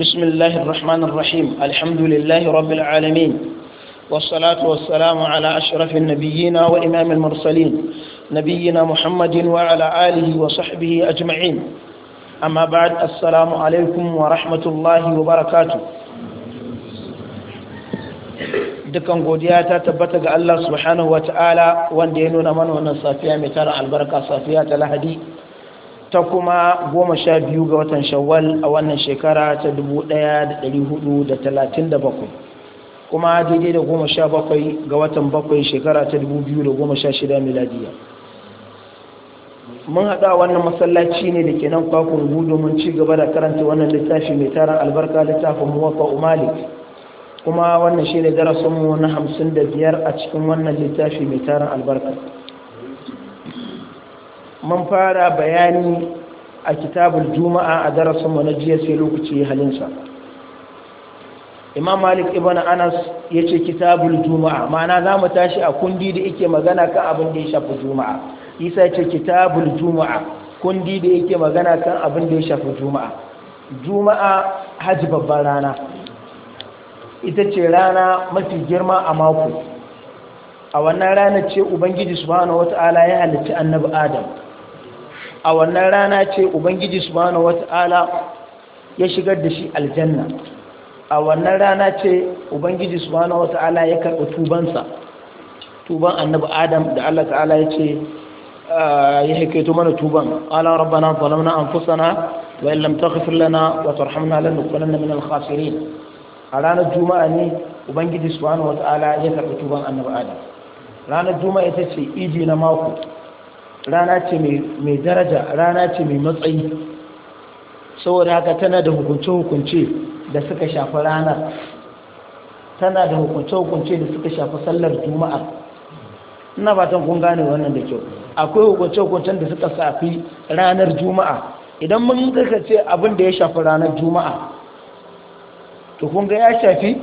بسم الله الرحمن الرحيم الحمد لله رب العالمين والصلاة والسلام على أشرف النبيين وإمام المرسلين نبينا محمد وعلى آله وصحبه أجمعين أما بعد السلام عليكم ورحمة الله وبركاته دكان godiya ta الله سبحانه وتعالى subhanahu wa ta'ala wanda ya البركة mana لهدي ta kuma goma sha biyu ga watan shawwal a wannan shekara ta dubu ɗaya da ɗari hudu da talatin da bakwai kuma daidai da goma sha bakwai ga watan bakwai shekara ta dubu biyu da goma sha shida miladiya mun haɗa wannan masallaci ne da ke nan kwakwan gudu mun ci gaba da karanta wannan littafi mai taron albarka littafin muwafa umalik kuma wannan shi ne darasinmu na hamsin da biyar a cikin wannan littafi mai taron albarka man fara bayani a kitabul juma'a a darasin mu na jiya sai lokaci halinsa imam malik ibn anas ya ce kitabul juma'a ma'ana za mu tashi a kundi da yake magana kan abin da ya shafi juma'a isa ya ce kitabul juma'a kundi da yake magana kan abin da ya shafi juma'a juma'a hajji babban rana ita ce rana mafi girma a mako a wannan ranar ce ubangiji subhanahu wata'ala ya halitta annabi adam a wannan rana ce ubangiji subhanahu wata'ala ya shigar da shi aljanna a wannan rana ce ubangiji subhanahu wata'ala ya karɓi tubansa tuban annabi adam da Allah ta'ala ya ce ah, ya haikaito mana tuban ala rabbana zalamna anfusana wa in lam taghfir lana wa tarhamna lanakunanna minal khasirin a ranar juma'a ne ubangiji subhanahu wata'ala ya karɓi tuban annabi adam ranar juma'a ita ce idi na mako rana ce mai daraja rana ce mai matsayi saboda haka tana da hukunce-hukunce da suka shafi ranar tana da hukunce-hukunce da suka shafi sallar juma'a ina ba tan kun gane wannan da kyau akwai hukunce-hukuncen da suka shafi ranar juma'a idan mun kaka ce abin da ya shafi ranar juma'a to kun ga ya shafi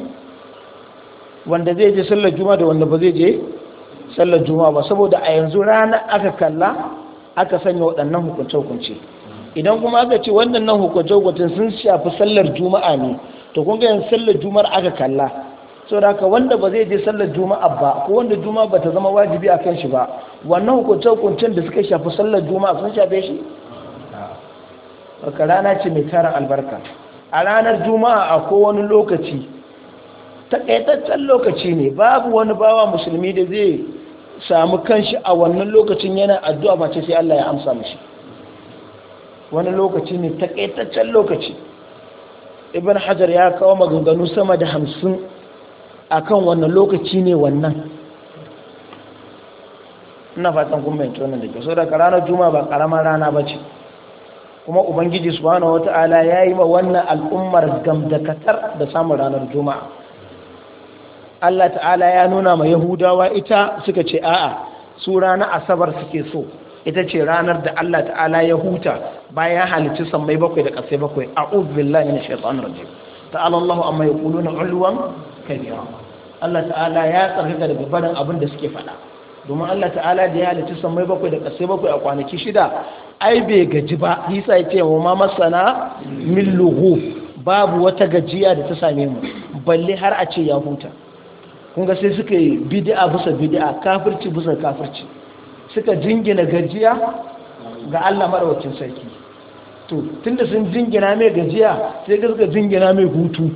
wanda zai je sallar juma'a da wanda ba zai je sallar juma'a ba saboda a yanzu rana aka kalla aka sanya waɗannan hukunce-hukunce idan kuma aka ce waɗannan hukunce-hukunce sun shafi sallar juma'a ne to kun ga yanzu sallar juma'ar aka kalla da haka wanda ba zai je sallar juma'a ba ko wanda juma'a ba ta zama wajibi a kan shi ba wannan hukunce-hukuncen da suka shafi sallar juma'a sun shafe shi rana ce mai tara albarka a ranar juma'a a kowane lokaci takaitaccen lokaci ne babu wani bawa musulmi da zai samu kanshi a wannan lokacin yana addu'a ba sai Allah ya amsa mashi wani lokaci ne takaitaccen lokaci ibn hajar ya kawo maganganu sama da hamsin a kan wannan lokaci ne wannan ina fatan kun yanki wannan da ke so daga ranar juma ba karamar rana ba ce kuma ubangiji subhanahu wata'ala ya yi ma wannan al'ummar gamdakatar da samun ranar juma'a Allah ta'ala ya nuna ma yahudawa ita suka ce a'a su rana asabar suke so ita ce ranar da Allah ta'ala ya huta bayan halicci sammai bakwai da ƙasai bakwai a'udhu billahi minash shaitani rajim ta'ala Allahu amma yaquluna 'ulwan kabira Allah ta'ala ya tsarkaka daga babban abin da suke faɗa domin Allah ta'ala da ya halicci sammai bakwai da ƙasai bakwai a kwanaki shida ai bai gaji ba Isa ya ce wa ma masana min babu wata gajiya da ta same mu balle har a ce ya huta Kunga sai suka yi bidi'a bisa bid'a kafirci bisa kafirci suka jingina gajiya ga Allah madawacin sarki to tunda sun jingina mai gajiya sai ga suka jingina mai hutu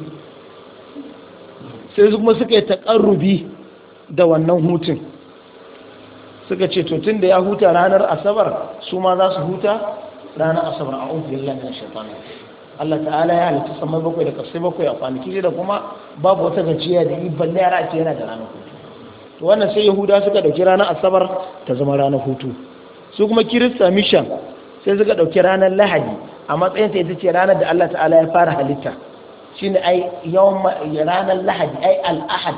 sai kuma suka yi takarrubi da wannan hutun suka ce to tunda ya huta ranar asabar su ma za su huta ranar asabar a ofiyar lana shaitan Allah ta'ala ya halitta samai bakwai da kasai bakwai a kwanaki da kuma babu wata gajiya da yi balle yara ake yana da ranar hutu to wannan sai yahuda suka dauki ranar asabar ta zama ranar hutu su kuma kirista mission sai suka dauki ranar lahadi a matsayin ta ita ce ranar da Allah ta'ala ya fara halitta shine ai yawan ranar lahadi ai al'ahad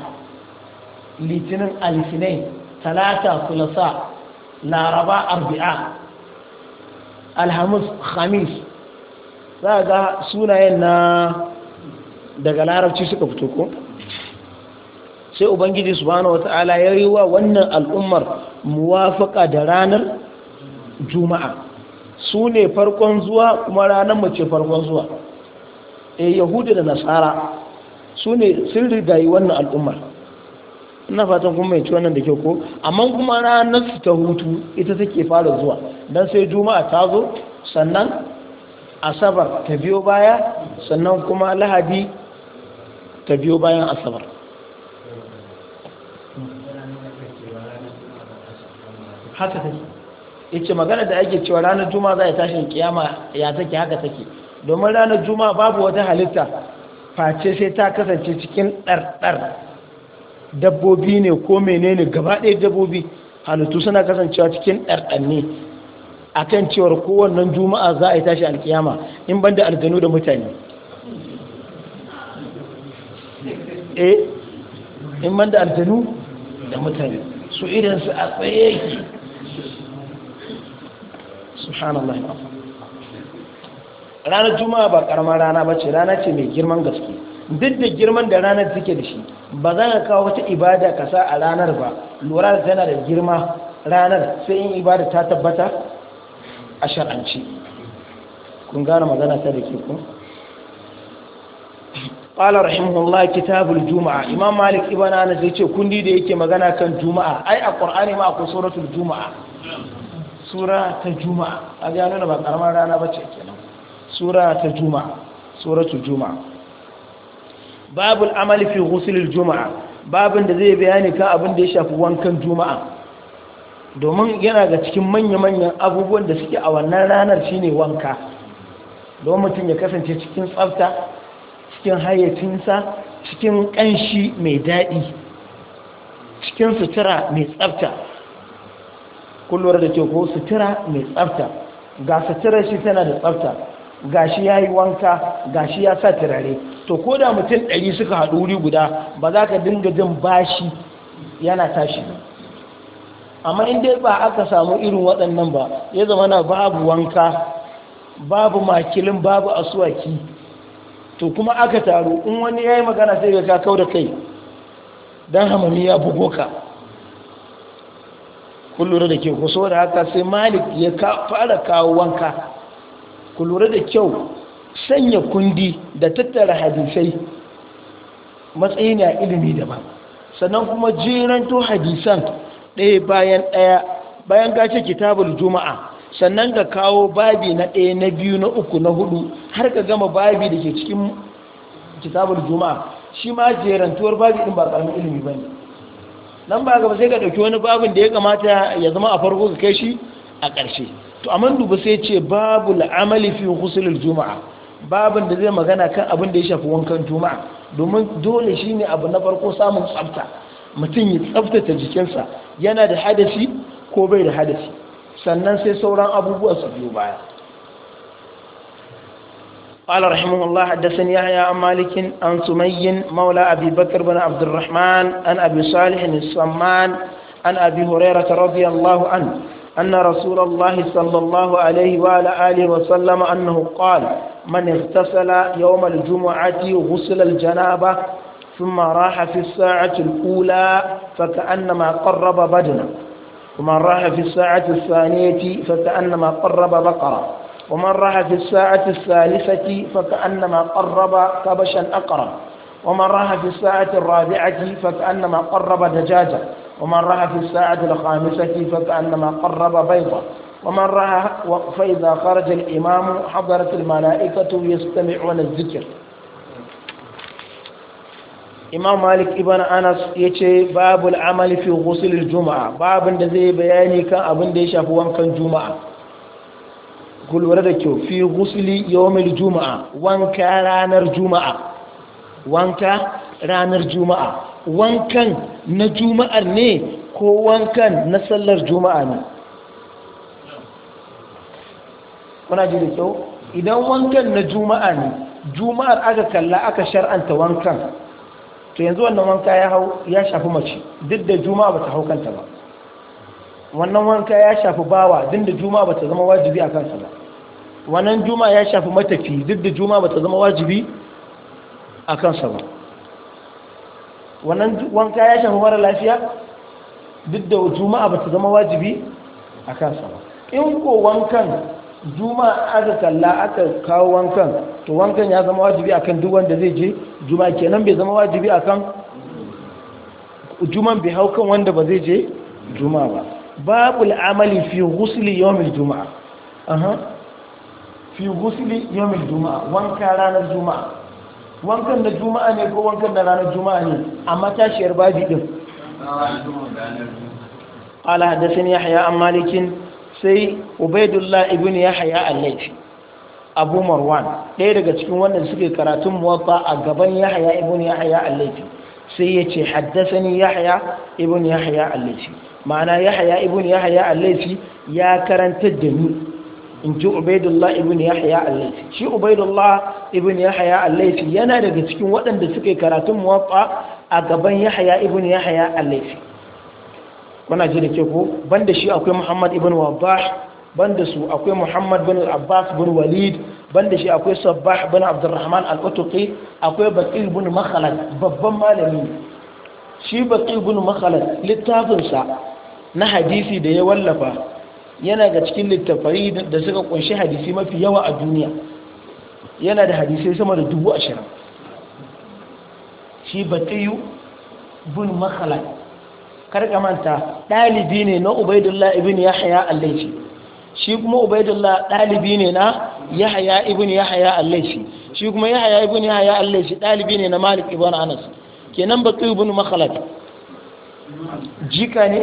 ahad litinin al talata kulasa laraba arbi'a alhamis khamis za a ga sunayen na daga larabci suka fito ko sai ubangiji subhanahu wata'ala ya yi wa wannan al'ummar muwafaka da ranar juma'a su ne farkon zuwa kuma ranar mace farkon zuwa Eh yahudu da nasara su ne sun yi wannan al'ummar ina fatan kuma mai wannan da ke ko amma kuma ranar su ta hutu ita take fara zuwa don sai juma'a ta zo sannan asabar ta biyo baya sannan kuma lahadi ta biyo bayan asabar haka take ita magana da ake cewa ranar juma za a tashin kiyama ya take haka take domin ranar juma babu wata halitta face sai ta kasance cikin ɗarɗar dabbobi ne ko menene gaba ɗaya dabbobi halittu suna kasancewa cikin ɗarɗanni akan cewar kowannan juma'a za a yi tashi alkiyama in ban da aljanu da mutane e in ban da aljanu da mutane su idan su a tsaye yake subhanallah ranar juma'a ba karamar rana ba ce rana ce mai girman gaske duk da girman da ranar suke da shi ba za ka kawo wata ibada ka sa a ranar ba lura da tana da girma ranar sai yin ibada ta tabbata a shar'anci kun gane magana ta da ke ku qala rahimahullah kitabul juma'a imam malik ibn zai ce kundi da yake magana kan juma'a ai a qur'ani ma akwai suratul juma'a sura ta juma'a a ga nuna ba karamar rana ba ce kenan sura ta juma'a suratul juma'a babul amali fi ghusl juma'a babin da zai bayani kan abin da ya shafi wankan juma'a domin yana ga cikin manya-manyan abubuwan da suke a wannan ranar shine wanka don mutum ya kasance cikin tsafta cikin hayyacinsa cikin ƙanshi mai daɗi cikin sutura mai tsafta kullum da ke sutura mai tsafta ga suturar shi tana da tsafta ga shi ya yi wanka ga shi ya sa turare to ko da mutum ɗari suka haɗu wuri guda ba za ka dinga jin bashi yana tashi ba amma in dai ba aka samu irin waɗannan ba ya zama na babu wanka babu makilin babu asuwaki to kuma aka taru in wani ya yi magana sai ka kakau da kai don hamami ya bugo ka kun da kyau kusa da haka sai malik ya fara kawo wanka kun da kyau sanya kundi da tattara hadisai matsayi na ilimi daban sannan kuma jiranto hadisan ɗaya bayan ɗaya bayan ka ce kitabul juma'a sannan ka kawo babi na ɗaya na biyu na uku na hudu har ka gama babi da ke cikin kitabul juma'a shi ma jerantuwar babi ɗin ba ƙaramin ilimi ba ne nan ba gaba sai ka ɗauki wani babin da ya kamata ya zama a farko ka kai shi a ƙarshe to amma duba sai ce babu la'amali fi husulul juma'a babin da zai magana kan abin da ya shafi wankan juma'a domin dole shine abu na farko samun tsafta mutum ya tsaftace jikinsa yana da hadasi ko bai da hadasi sannan sai sauran abubuwa su biyu baya قال رحمه الله حدثني يحيى عن مالك عن سمي مولى أبي بكر بن عبد الرحمن عن أبي صالح السمان عن أبي هريرة رضي الله عنه أن رسول الله صلى الله عليه وعلى آله وسلم أنه قال من اغتسل يوم الجمعة غسل الجنابة ثم راح في الساعة الأولى فكأنما قرب بدنا ومن راح في الساعة الثانية فكأنما قرب بقرة ومن راح في الساعة الثالثة فكأنما قرب كبشا أقرب ومن راح في الساعة الرابعة فكأنما قرب دجاجة ومن راح في الساعة الخامسة فكأنما قرب بيضة ومن راح فإذا خرج الإمام حضرت الملائكة يستمعون الذكر imam malik ibn anas ya ce babu amali fi ghusulil juma'a babin da zai bayani kan abin da ya shafi wankan juma'a ku da kyau fi ghusuli yawmil juma'a wanka ranar juma'a wanka ranar juma'a wankan na juma'ar ne ko wankan na sallar juma'a ne kuna ji da kyau idan wankan na juma'a ne juma'ar aka kalla aka shar'anta wankan to yanzu wannan wanka ya hau ya shafi mace duk da juma'a bata hau kanta ba wannan wanka ya shafi bawa duk da juma'a bata zama wajibi a kansa ba wannan juma'a ya shafi matafi duk da juma'a bata zama wajibi a kansa ba wannan wanka ya shafi mara lafiya duk da juma'a bata zama wajibi a kansa ba in ko wankan juma'a aka kalla aka kawo wankan to wankan ya zama wajibi akan duk wanda zai je juma'a kenan bai zama wajibi akan juman bai hau kan wanda ba zai je juma'a ba babu al'amali fi ghusli yawmil juma'a aha fi ghusli yawmil juma'a wanka ranar juma'a wankan da juma'a ne ko wankan da ranar juma'a ne amma tashiyar babi din قال حدثني يحيى عن مالك سي عبيد الله ابن يحيى الليثي abu marwan ɗaya daga cikin wannan suke karatun muwatta a gaban yahaya ibn yahya al sai ya ce haddasani yahya ibn yahya al ma'ana yahya ibn yahya al ya karanta da ni in ji ubaidullah ibn yahya al shi ubaidullah ibn yahya al yana daga cikin waɗanda suke karatun muwatta a gaban yahya ibn yahya al kuna ji da ke ko banda shi akwai muhammad ibn wabbah banda su akwai muhammad bin abbas bin walid banda shi akwai sabah bin abdurrahman al-utuqi akwai baqir bin makhalad babban malami shi baqir bin littafin littafinsa na hadisi da ya wallafa yana ga cikin littafai da suka kunshi hadisi mafi yawa a duniya yana da hadisai sama da dubu ashirin shi baqir bin makhalad karkamanta dalibi ne na ubaidullah ibn yahya al layth shi kuma ubaidullah ɗalibi ne na yahaya ibn yahaya al-laifi shi kuma yahaya ibn yahaya al-laifi ɗalibi ne na malik ibn anas kenan batu ibn makhlad jika ne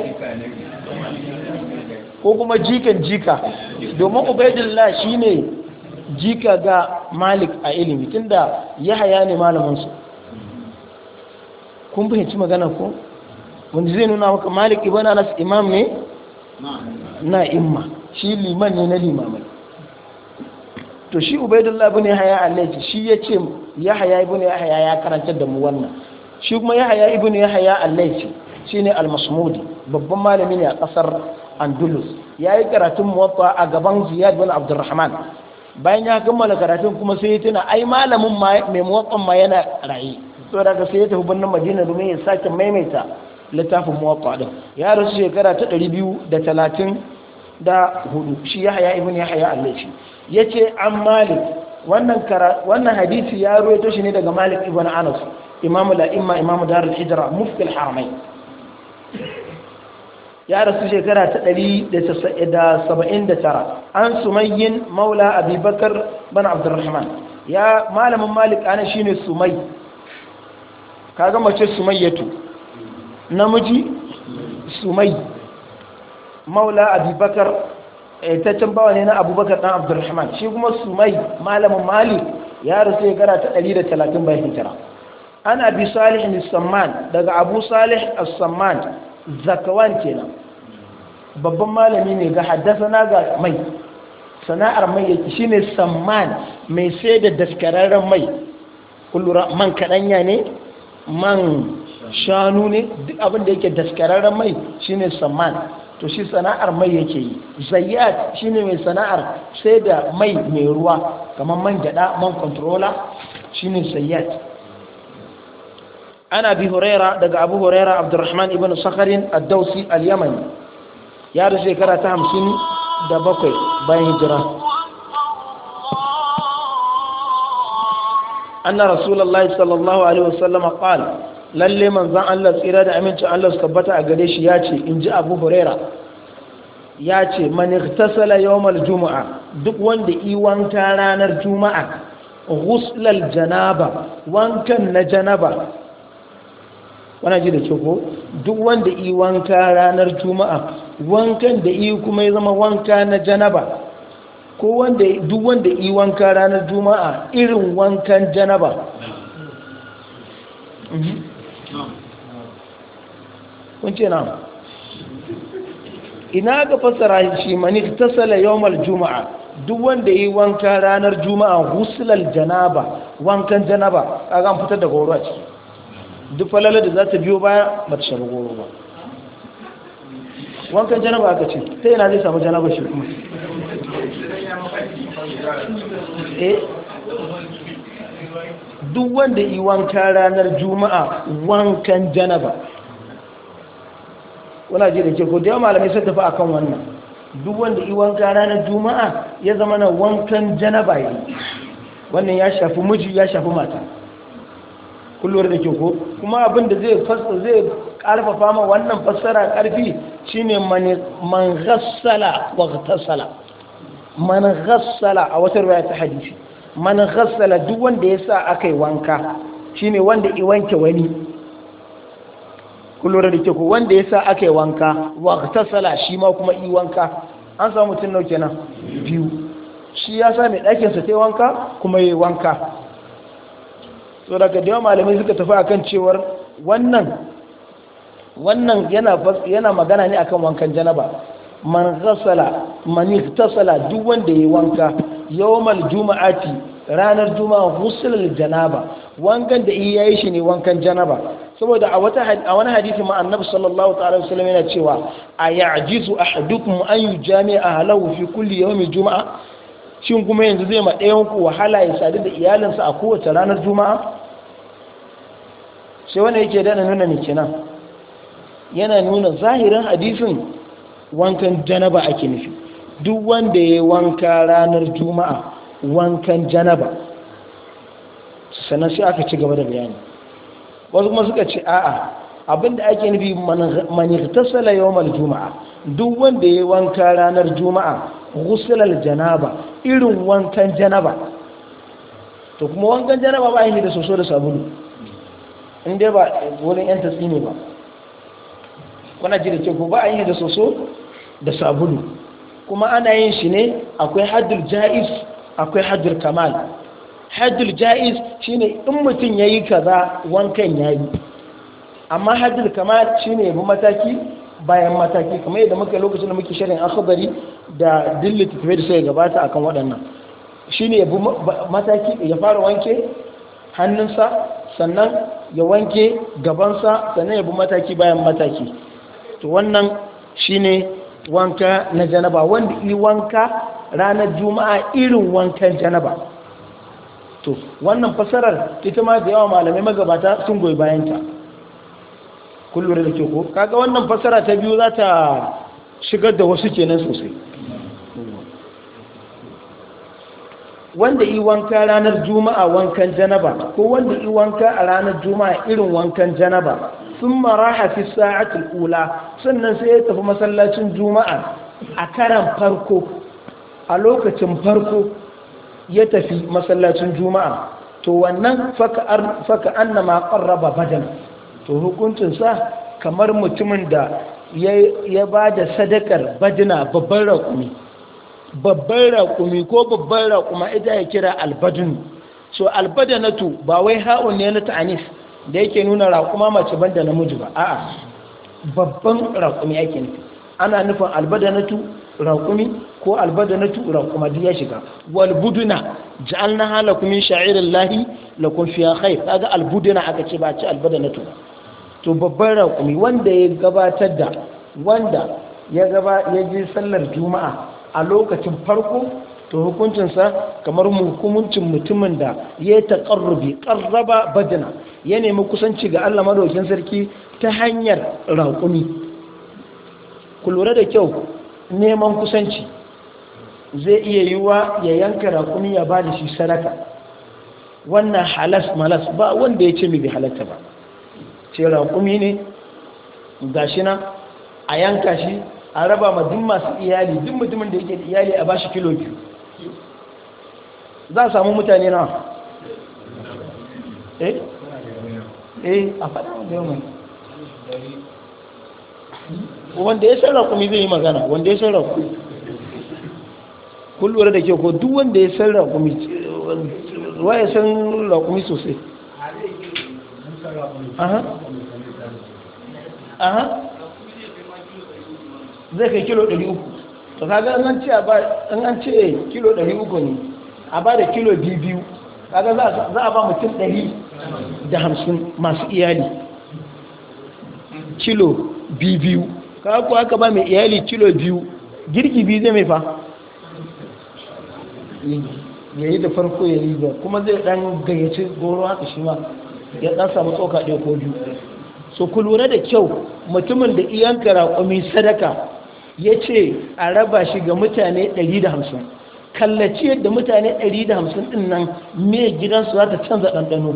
ko kuma jikan jika domin ubaidullah shine jika ga malik a ilimi tunda yahaya ne malamin su kun fahimci magana ko wanda zai nuna maka malik ibn anas imam ne na imma shi liman ne na limamai to shi ubaidullah ibn yahya allaji shi yace yahya ibn yahya ya karantar da mu wannan shi kuma yahya ibn yahya allaji shine al-masmudi babban malami ne a kasar andalus yayi karatun muwatta a gaban ziyad bin abdurrahman bayan ya kammala karatun kuma sai ya tuna ai malamin mai muwattan ma yana raye to daga sai ya tafi birnin madina domin ya sake maimaita littafin muwatta din ya rasu shekara ta 230 da hudu shi ya yahya ibn yahya allaci yace an malik wannan wannan hadisi ya ruwaito shi ne daga malik ibn anas imamu la'imma imamu al hijra mufti al-haramain ya rasu shekara ta 179 an sumayyin maula abubakar ban abdurrahman ya malamin malik ana shi ne sumai. Ka gama ce sumayyatu namiji sumai. maula abubakar taccen bawa ne na abubakar ɗan abdurrahman shi kuma sumai malamin mali ya rasu ya gara ta 130 bayan hijira an abi salih ne samman daga abu salih a samman zakawan kenan babban malami ne ga haddasa na ga mai sana'ar mai yake shine samman mai sai da daskararren mai kullura man kadanya ne man shanu ne duk abin da yake daskararren mai shine samman to shi sana'ar mai yake yi zayyat shine mai sana'ar sai da mai mai ruwa kamar man gyaɗa, man controller shine zayyat ana bi huraira daga abu huraira abdurrahman ibn sakharin ad-dawsi al yaman ya da shekara ta 57 bayan hijira anna rasulullahi sallallahu alaihi wasallam qala lalle manzan Allah tsira da amincin Allah su tabbata a gare shi ya ce in ji abu huraira ya ce mani tasala yawmal juma'a duk wanda yi wanka ranar juma'a ghuslal janaba wankan na janaba wana ji da ko duk wanda yi wanka ranar juma'a wankan da iya kuma ya zama wanka na janaba ko wanda duk wanda yi wanka ranar juma'a irin wankan janaba Mm-hmm. kun ce na ina ga fasara shi mani tasala yawmal juma'a duk wanda yi wanka ranar juma'a husulal janaba wankan janaba a an fitar da goro a ciki duk falalar da za ta biyo baya ba ta shafi goro ba wankan janaba aka ce ta yana zai samu janaba shi kuma eh? duk wanda yi wanka ranar juma'a wankan janaba wana ji da ke ko da yawan malamai sun tafi akan wannan duk wanda yi wanka ranar juma'a ya zama na wankan janaba yi wannan ya shafi miji ya shafi mata kullum da ke ko kuma abin da zai fasa zai karfafa ma wannan fassara karfi shine man ghassala wa ghassala man ghassala a wata riwaya ta hadisi man ghassala duk wanda ya sa wanka shine wanda i wanke wani kullura da ke ku wanda ya sa wanka wa ghassala shi ma kuma i wanka an samu mutum nau kenan biyu shi ya sa mai ɗakinsa ta yi wanka kuma ya yi wanka so daga da malamai suka tafi akan cewar wannan wannan yana magana ne akan wankan janaba man ghassala man tasala duk wanda ya wanka yawmal juma'ati ranar juma'a husulul janaba wankan da iya yi shi ne wankan janaba saboda a wata a wani hadisi ma annabi sallallahu ta'ala wasallam yana cewa a ya'jizu ahadukum an yujami'a ahlahu fi kulli yawmi juma'a shin kuma yanzu zai ma ɗayan ku wahala ya sadu da iyalinsa a kowace ranar juma'a sai wanda yake dana nuna ne kenan yana nuna zahirin hadisin wankan janaba ake nufi duk wanda ya wanka ranar juma'a wankan janaba sannan sai aka ci gaba da bayani wasu kuma suka ce a'a abinda ake nufi manigtasala yawmal juma'a duk wanda ya wanka ranar juma'a ghusilal janaba irin wankan janaba to kuma wankan janaba ba yi da soso da sabulu in ba wurin yan tatsi ne ba kuna ji da ko ba yi da soso da sabulu kuma ana yin shi ne akwai haddul ja'iz akwai haddul kamal haddul ja'iz shine in mutum yayi kaza wankan yayi amma haddul kamal shine bi mataki bayan mataki kamar yadda muka lokacin da muke shirin akhbari da dillita tafi da sai gabata akan waɗannan shine bi mataki ya fara wanke hannunsa sannan ya wanke gabansa sannan ya bi mataki bayan mataki to wannan shine wanka na janaba wanda yi wanka ranar juma'a irin wankan janaba to wannan fasarar ita ma da yawa malamai magabata sun goyi bayanta kullum da ke ko kaga wannan fasara ta biyu za ta shigar da wasu kenan sosai wanda yi wanka ranar juma'a wankan janaba ko wanda yi wanka a ranar juma'a irin wankan janaba sun maraha fi sa'atul ula sannan sai ya tafi masallacin juma'a a karan farko a lokacin farko ya tafi masallacin juma'a to wannan faka an na maƙarraba to hukuncinsa kamar mutumin da ya ba da sadakar badina babban raƙumi babban raƙumi ko babban raƙuma ita ya kira albadin so albadanatu ba wai ha'un ne na ta'anis da yake nuna raƙuma mace banda namiji ba a'a babban raƙumi ake nufi ana nufin albadanatu raƙumi ko albadanatu raƙuma duk ya shiga wal buduna ja'alna halakum min sha'irin lahi lakum fiha khair kaga buduna aka ce ba ci albadanatu to babban raƙumi wanda ya gabatar da wanda ya gaba ya je sallar juma'a a lokacin farko to hukuncinsa kamar hukuncin mutumin da ya taƙarrubi ƙarraba badana ya nemi kusanci ga Allah madaukin sarki ta hanyar raƙumi ku lura da kyau neman kusanci zai iya yiwa ya yanka raƙumi ya ba da shi sadaka wannan halas malas ba wanda ya ce mai bi halatta ba ce raƙumi ne gashi nan a yanka shi a raba ma duk masu iyali duk mutumin da yake da iyali a bashi kilo biyu za a samu mutane na eh eh a faɗa wanda ya mai wanda ya san raƙumi zai yi magana wanda ya san kun lura da ke ko duk wanda ya san raƙumi ruwa ya san raƙumi sosai aha aha zai kai kilo 300 to kaga an ce an an ce kilo 300 ne a ba da kilo 2 kaga za a ba mutum 100 da hamsin masu iyali kilo biyu ka ku aka ba mai iyali kilo biyu girki biyu zai mai fa ya yi da farko ya yi da kuma zai dan gayyaci goro haka shi ma ya dan samu tsoka ɗaya ko biyu so ku lura da kyau mutumin da iyanka raƙumi sadaka ya ce a raba shi ga mutane 150 kallaci yadda mutane 150 din nan mai gidansu za ta canza ɗanɗano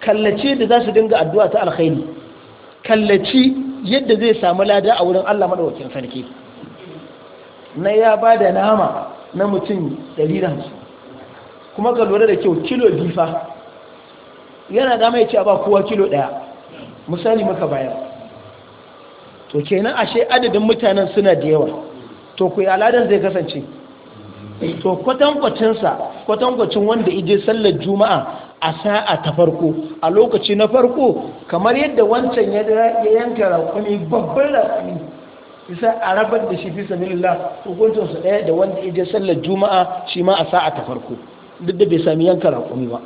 Kallace da za su dinga addu'a ta alkhairi kallaci yadda zai samu lada a wurin Allah madaukakin sarki na ya ba da nama na mutum 150 kuma ka lura da kyau kilo bifa yana dama ya ce ba kowa kilo daya misali maka bayar to kenan ashe adadin mutanen suna da yawa to ku aladan zai kasance to kwatankwacinsa kwatankwacin wanda ije sallar juma'a a sa'a ta farko a lokaci na farko kamar yadda wancan ya yanka rakuni babban rakuni bisa a rabar da shi fi sabilillah hukuncin ɗaya da wanda ya sallar juma'a shi ma a sa'a ta farko duk da bai sami yanka rakuni ba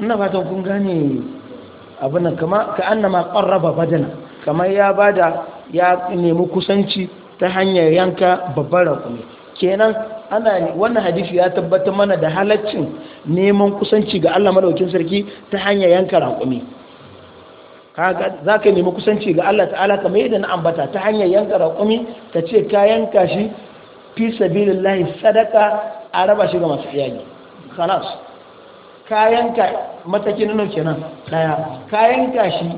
ina fatan kun gane abin nan kama ka ma qarraba badana kamar ya bada ya nemi kusanci ta hanyar yanka babban rakuni kenan ana wannan hadisi ya tabbatar mana da halaccin neman kusanci ga Allah madaukin sarki ta hanyar yanka raƙumi kaga zaka nemi kusanci ga Allah ta'ala kamar yadda na ambata ta hanyar yanka raƙumi ka ce ka yanka shi fi sabilillahi sadaka a raba shi ga masu iyali khalas ka yanka matakin nan kenan daya ka yanka shi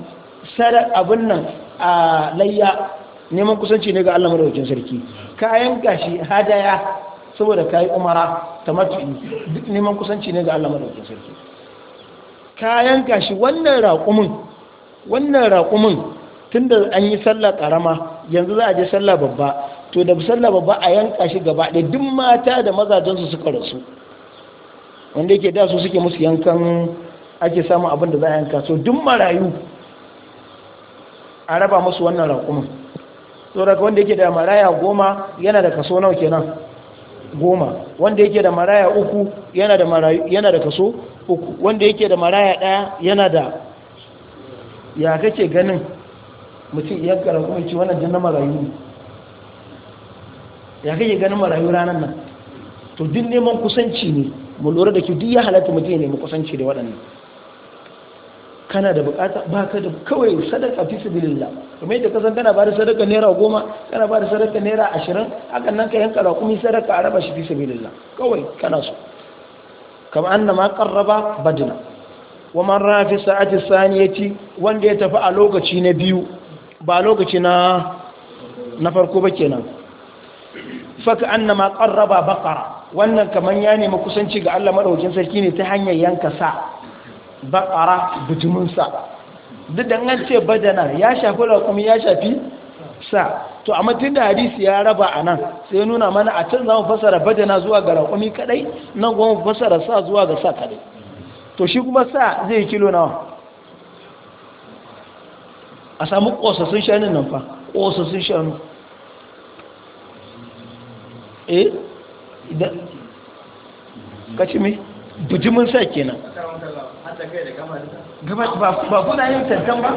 sadar abun nan a layya neman kusanci ne ga Allah madaukin sarki ka yanka shi hadaya saboda ka yi umara ta matuƙi duk neman kusanci ne ga Allah madaukin sarki kayan gashi wannan raƙumin wannan raƙumin tun da an yi sallah ƙarama yanzu za a je sallah babba to da sallah babba a yanka shi gaba ɗaya duk mata da mazajensu suka rasu wanda yake da su suke musu yankan ake samun abin da za a yanka so duk marayu a raba musu wannan raƙumin saboda wanda yake da maraya goma yana da kaso nawa kenan goma wanda yake da maraya uku yana da yana da kaso uku wanda yake da maraya daya yana da ya kake ganin mutum ya kara kuma ci wannan janna marayu ne ya kake ganin marayu ranar nan to duk neman kusanci ne mu lura da ki duk ya halatta mutum ya nemi kusanci da waɗannan kana da bukata ba ka da kawai sadaka fi sabilillah kamar yadda kasan kana ba da sadaka naira goma kana ba da sadaka naira ashirin hakan nan ka yanka raƙumi sadaka a raba shi fi sabilillah kawai kana so kama an na ma badina wa man rafi sa'ati saniyati wanda ya tafi a lokaci na biyu ba lokaci na na farko ba kenan faka an na ma ƙarraba wannan kamar ya nemi kusanci ga allah maɗaukin sarki ne ta hanyar yanka sa baƙara bijiminsa duk da an ce badana ya shafi raƙumi ya shafi sa to amma tun da hadisi ya raba a nan sai nuna mana a can zamu fasara badana zuwa ga raƙumi kadai nan kuma fasara sa zuwa ga sa kadai to shi kuma sa zai kilo nawa a samu ƙosassun shanin nan fa ƙosassun shanu eh idan kaci mai mun sa kenan ba kuna yin tantan ba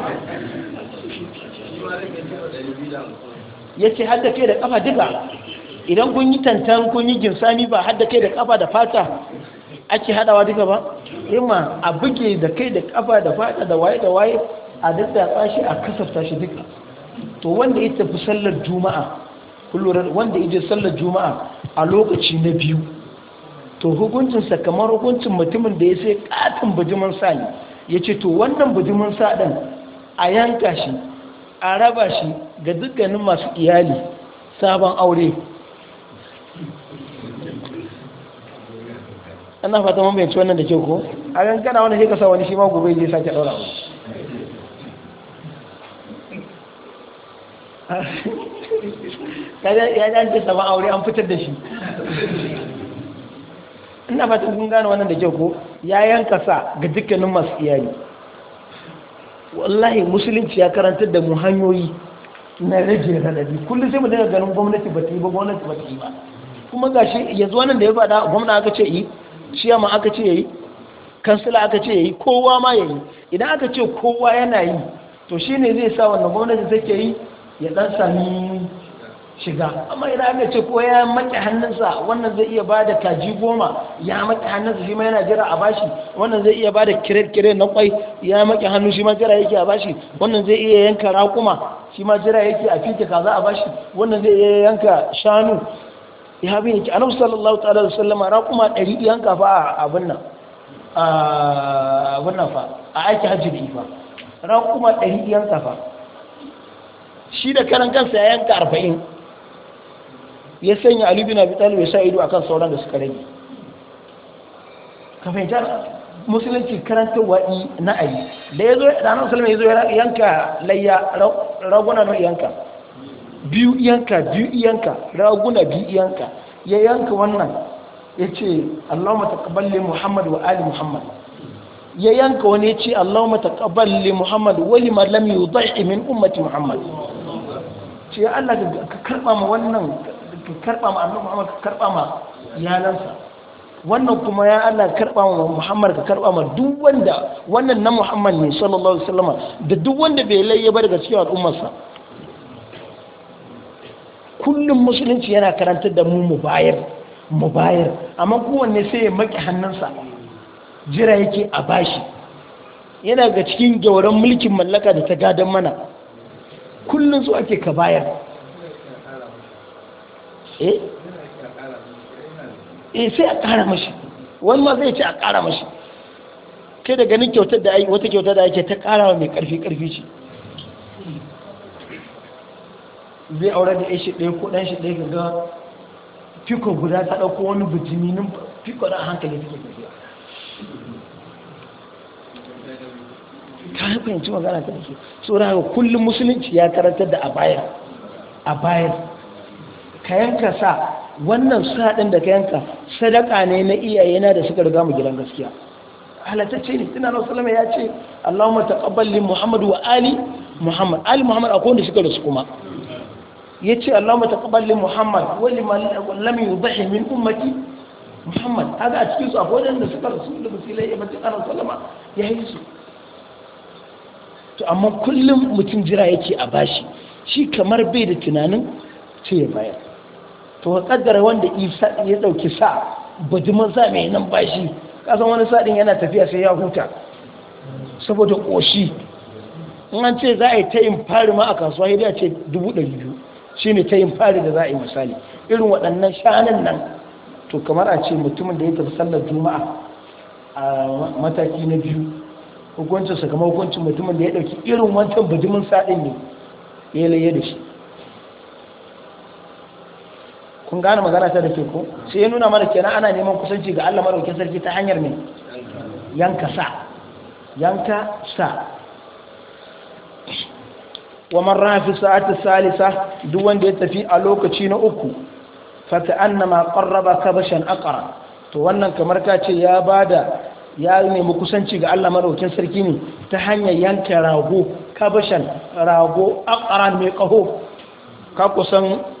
ya ce hada kai da kafa duka idan kun yi tantan kun yi ginsani ba hada kai da kafa da fata ake hadawa duka ba imma a buge da kai da kafa da fata da waye da waye a daddatsa shi a kasafta shi duka to wanda ya tafi sallar juma'a kullum wanda ya je sallar juma'a a lokaci na biyu to hukuncinsa kamar hukuncin mutumin da ya sai katon bijimin sa ne ya ce to wannan bijimin sa ɗan a yanka shi a raba shi ga dukkanin masu iyali sabon aure ana fata mun bayanci wannan da ke ko a yankana wani sai kasa wani shi ma gobe zai sake ɗaura kada ya dace sama aure an fitar da shi ina ba ta kun gane wannan da kyau ko ya yanka sa ga dukkanin masu iyali wallahi musulunci ya karantar da mu hanyoyi na rage radadi kullum sai mu daga ganin gwamnati ba ta yi ba gwamnati ba ta yi ba kuma gashi yanzu wannan da ya faɗa gwamna aka ce yi ciyama aka ce yi kansila aka ce yi kowa ma ya yi idan aka ce kowa yana yi to shine zai sa wannan gwamnati take yi ya dan sami shiga amma idan aka ce ko ya maƙi hannunsa wannan zai iya ba da kaji goma ya maƙi hannunsa shi ma yana jira a bashi wannan zai iya ba da kire-kire na kwai ya maƙi hannu shi ma jira yake a bashi wannan zai iya yanka raƙuma shi ma jira yake a fita kaza a bashi wannan zai iya yanka shanu ya haɓe yake annabi sallallahu ta'ala da sallama raƙuma ɗari yanka fa a abin nan a wannan fa a aiki hajji fa raƙuma ɗari yanka fa shi da karan kansa ya yanka arba'in ya sanya alibi na Abi Talib sa ido akan sauran da suka rage kafin ta musulunci karantarwa na ayi da ya zo da annabi ya zo yanka layya raguna na yanka biyu yanka biyu yanka raguna biyu yanka ya yanka wannan ya ce Allahumma taqabbal li Muhammad wa ali Muhammad ya yanka wani ya ce Allahumma taqabbal li Muhammad wa liman lam yudhi min ummati Muhammad ce Allah ka karba ma wannan ka karɓa ma annabi muhammad ka karɓa ma wannan kuma ya Allah karɓa ma muhammad ka karɓa ma duk wanda wannan na muhammad ne sallallahu alaihi wasallam da duk wanda bai layya ba daga cikin al'ummarsa kullum musulunci yana karantar da mu mu bayar mu bayar amma kowanne sai ya maki hannunsa jira yake a bashi yana ga cikin gauran mulkin mallaka da ta gadon mana kullum su ake ka bayar eh eh sai a ƙara mashi wani ma zai ce a ƙara mashi kai da ganin kyautar da ai wata kyautar da ake ta ƙara wa mai ƙarfi ƙarfi ce zai aure da shi ɗaya ko ɗan shi ɗaya ga fiko guda ta ɗauko wani bujimi nin fiko da hankali take ta ka fahimci magana ta da su saboda kullum musulunci ya karantar da a bayar a bayar ka yanka sa wannan suna ɗin da ka yanka sadaka ne na iyayena da suka riga mu gidan gaskiya halatacce ne tana na salama ya ce allahumma taqabbal li muhammad wa ali muhammad ali muhammad akwai wanda suka rasu kuma ya ce allahumma taqabbal li muhammad wani liman yi zahi min ummati muhammad kaga a cikin su akwai wanda suka rasu da musulai ya mace ana salama ya yi su to amma kullum mutum jira yake a bashi shi kamar bai da tunanin ce ya bayar to kaddara wanda ya dauki sa bajiman sa mai nan bashi kasan wani sadin yana tafiya sai ya huta saboda koshi in an ce za a yi tayin fari ma a kasuwa ya ce 200 shi ne tayin fari da za a yi misali irin waɗannan shanan nan to kamar a ce mutumin da ya tafi sallar juma'a a mataki na biyu hukuncin sa kamar mutumin da ya dauki irin wancan bajimin sadin ne ya laye da shi kun gane magana ta da ke ko sai ya nuna mana kenan ana neman kusanci ga Allah madaukakin sarki ta hanyar ne yanka sa yanka sa wa man rafi sa'ati salisa duk wanda ya tafi a lokaci na uku fa annama qarraba kabashan aqra to wannan kamar ka ce ya bada ya nemi kusanci ga Allah madaukakin sarki ne ta hanyar yanka rago kabashan rago aqra mai kaho ka kusan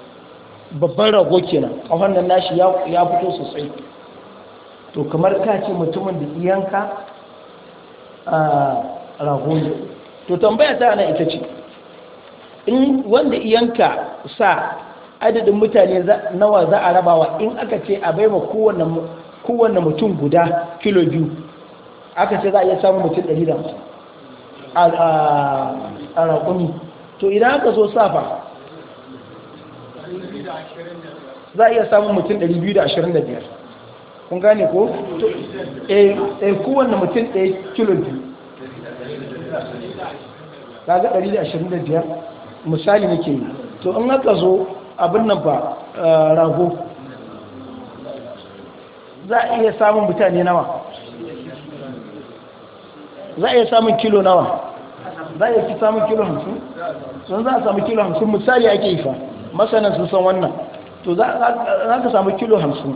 babban rago kenan kafan nan nashi ya fito sosai to kamar ka ce mutumin da iyanka a rago ne to tambaya ta ana ita ce in wanda iyanka sa adadin mutane nawa za a rabawa in aka ce a bai ma kowane mutum guda kilo biyu aka ce za a iya samun mutum da a raƙumi to idan aka zo safa za a iya samun mutum 225 kun gane ko? a eh, eh, kowanne mutum ɗaya kilo biyu ta ga 225 misali nake yi to in haka zo abin nan ba eh, rago za a iya samun mutane nawa za a iya samun kilo nawa za a iya samun kilo hamsin sun za a samun kilo hamsin misali ake fa? masanan sun san wannan to za ka samu kilo 50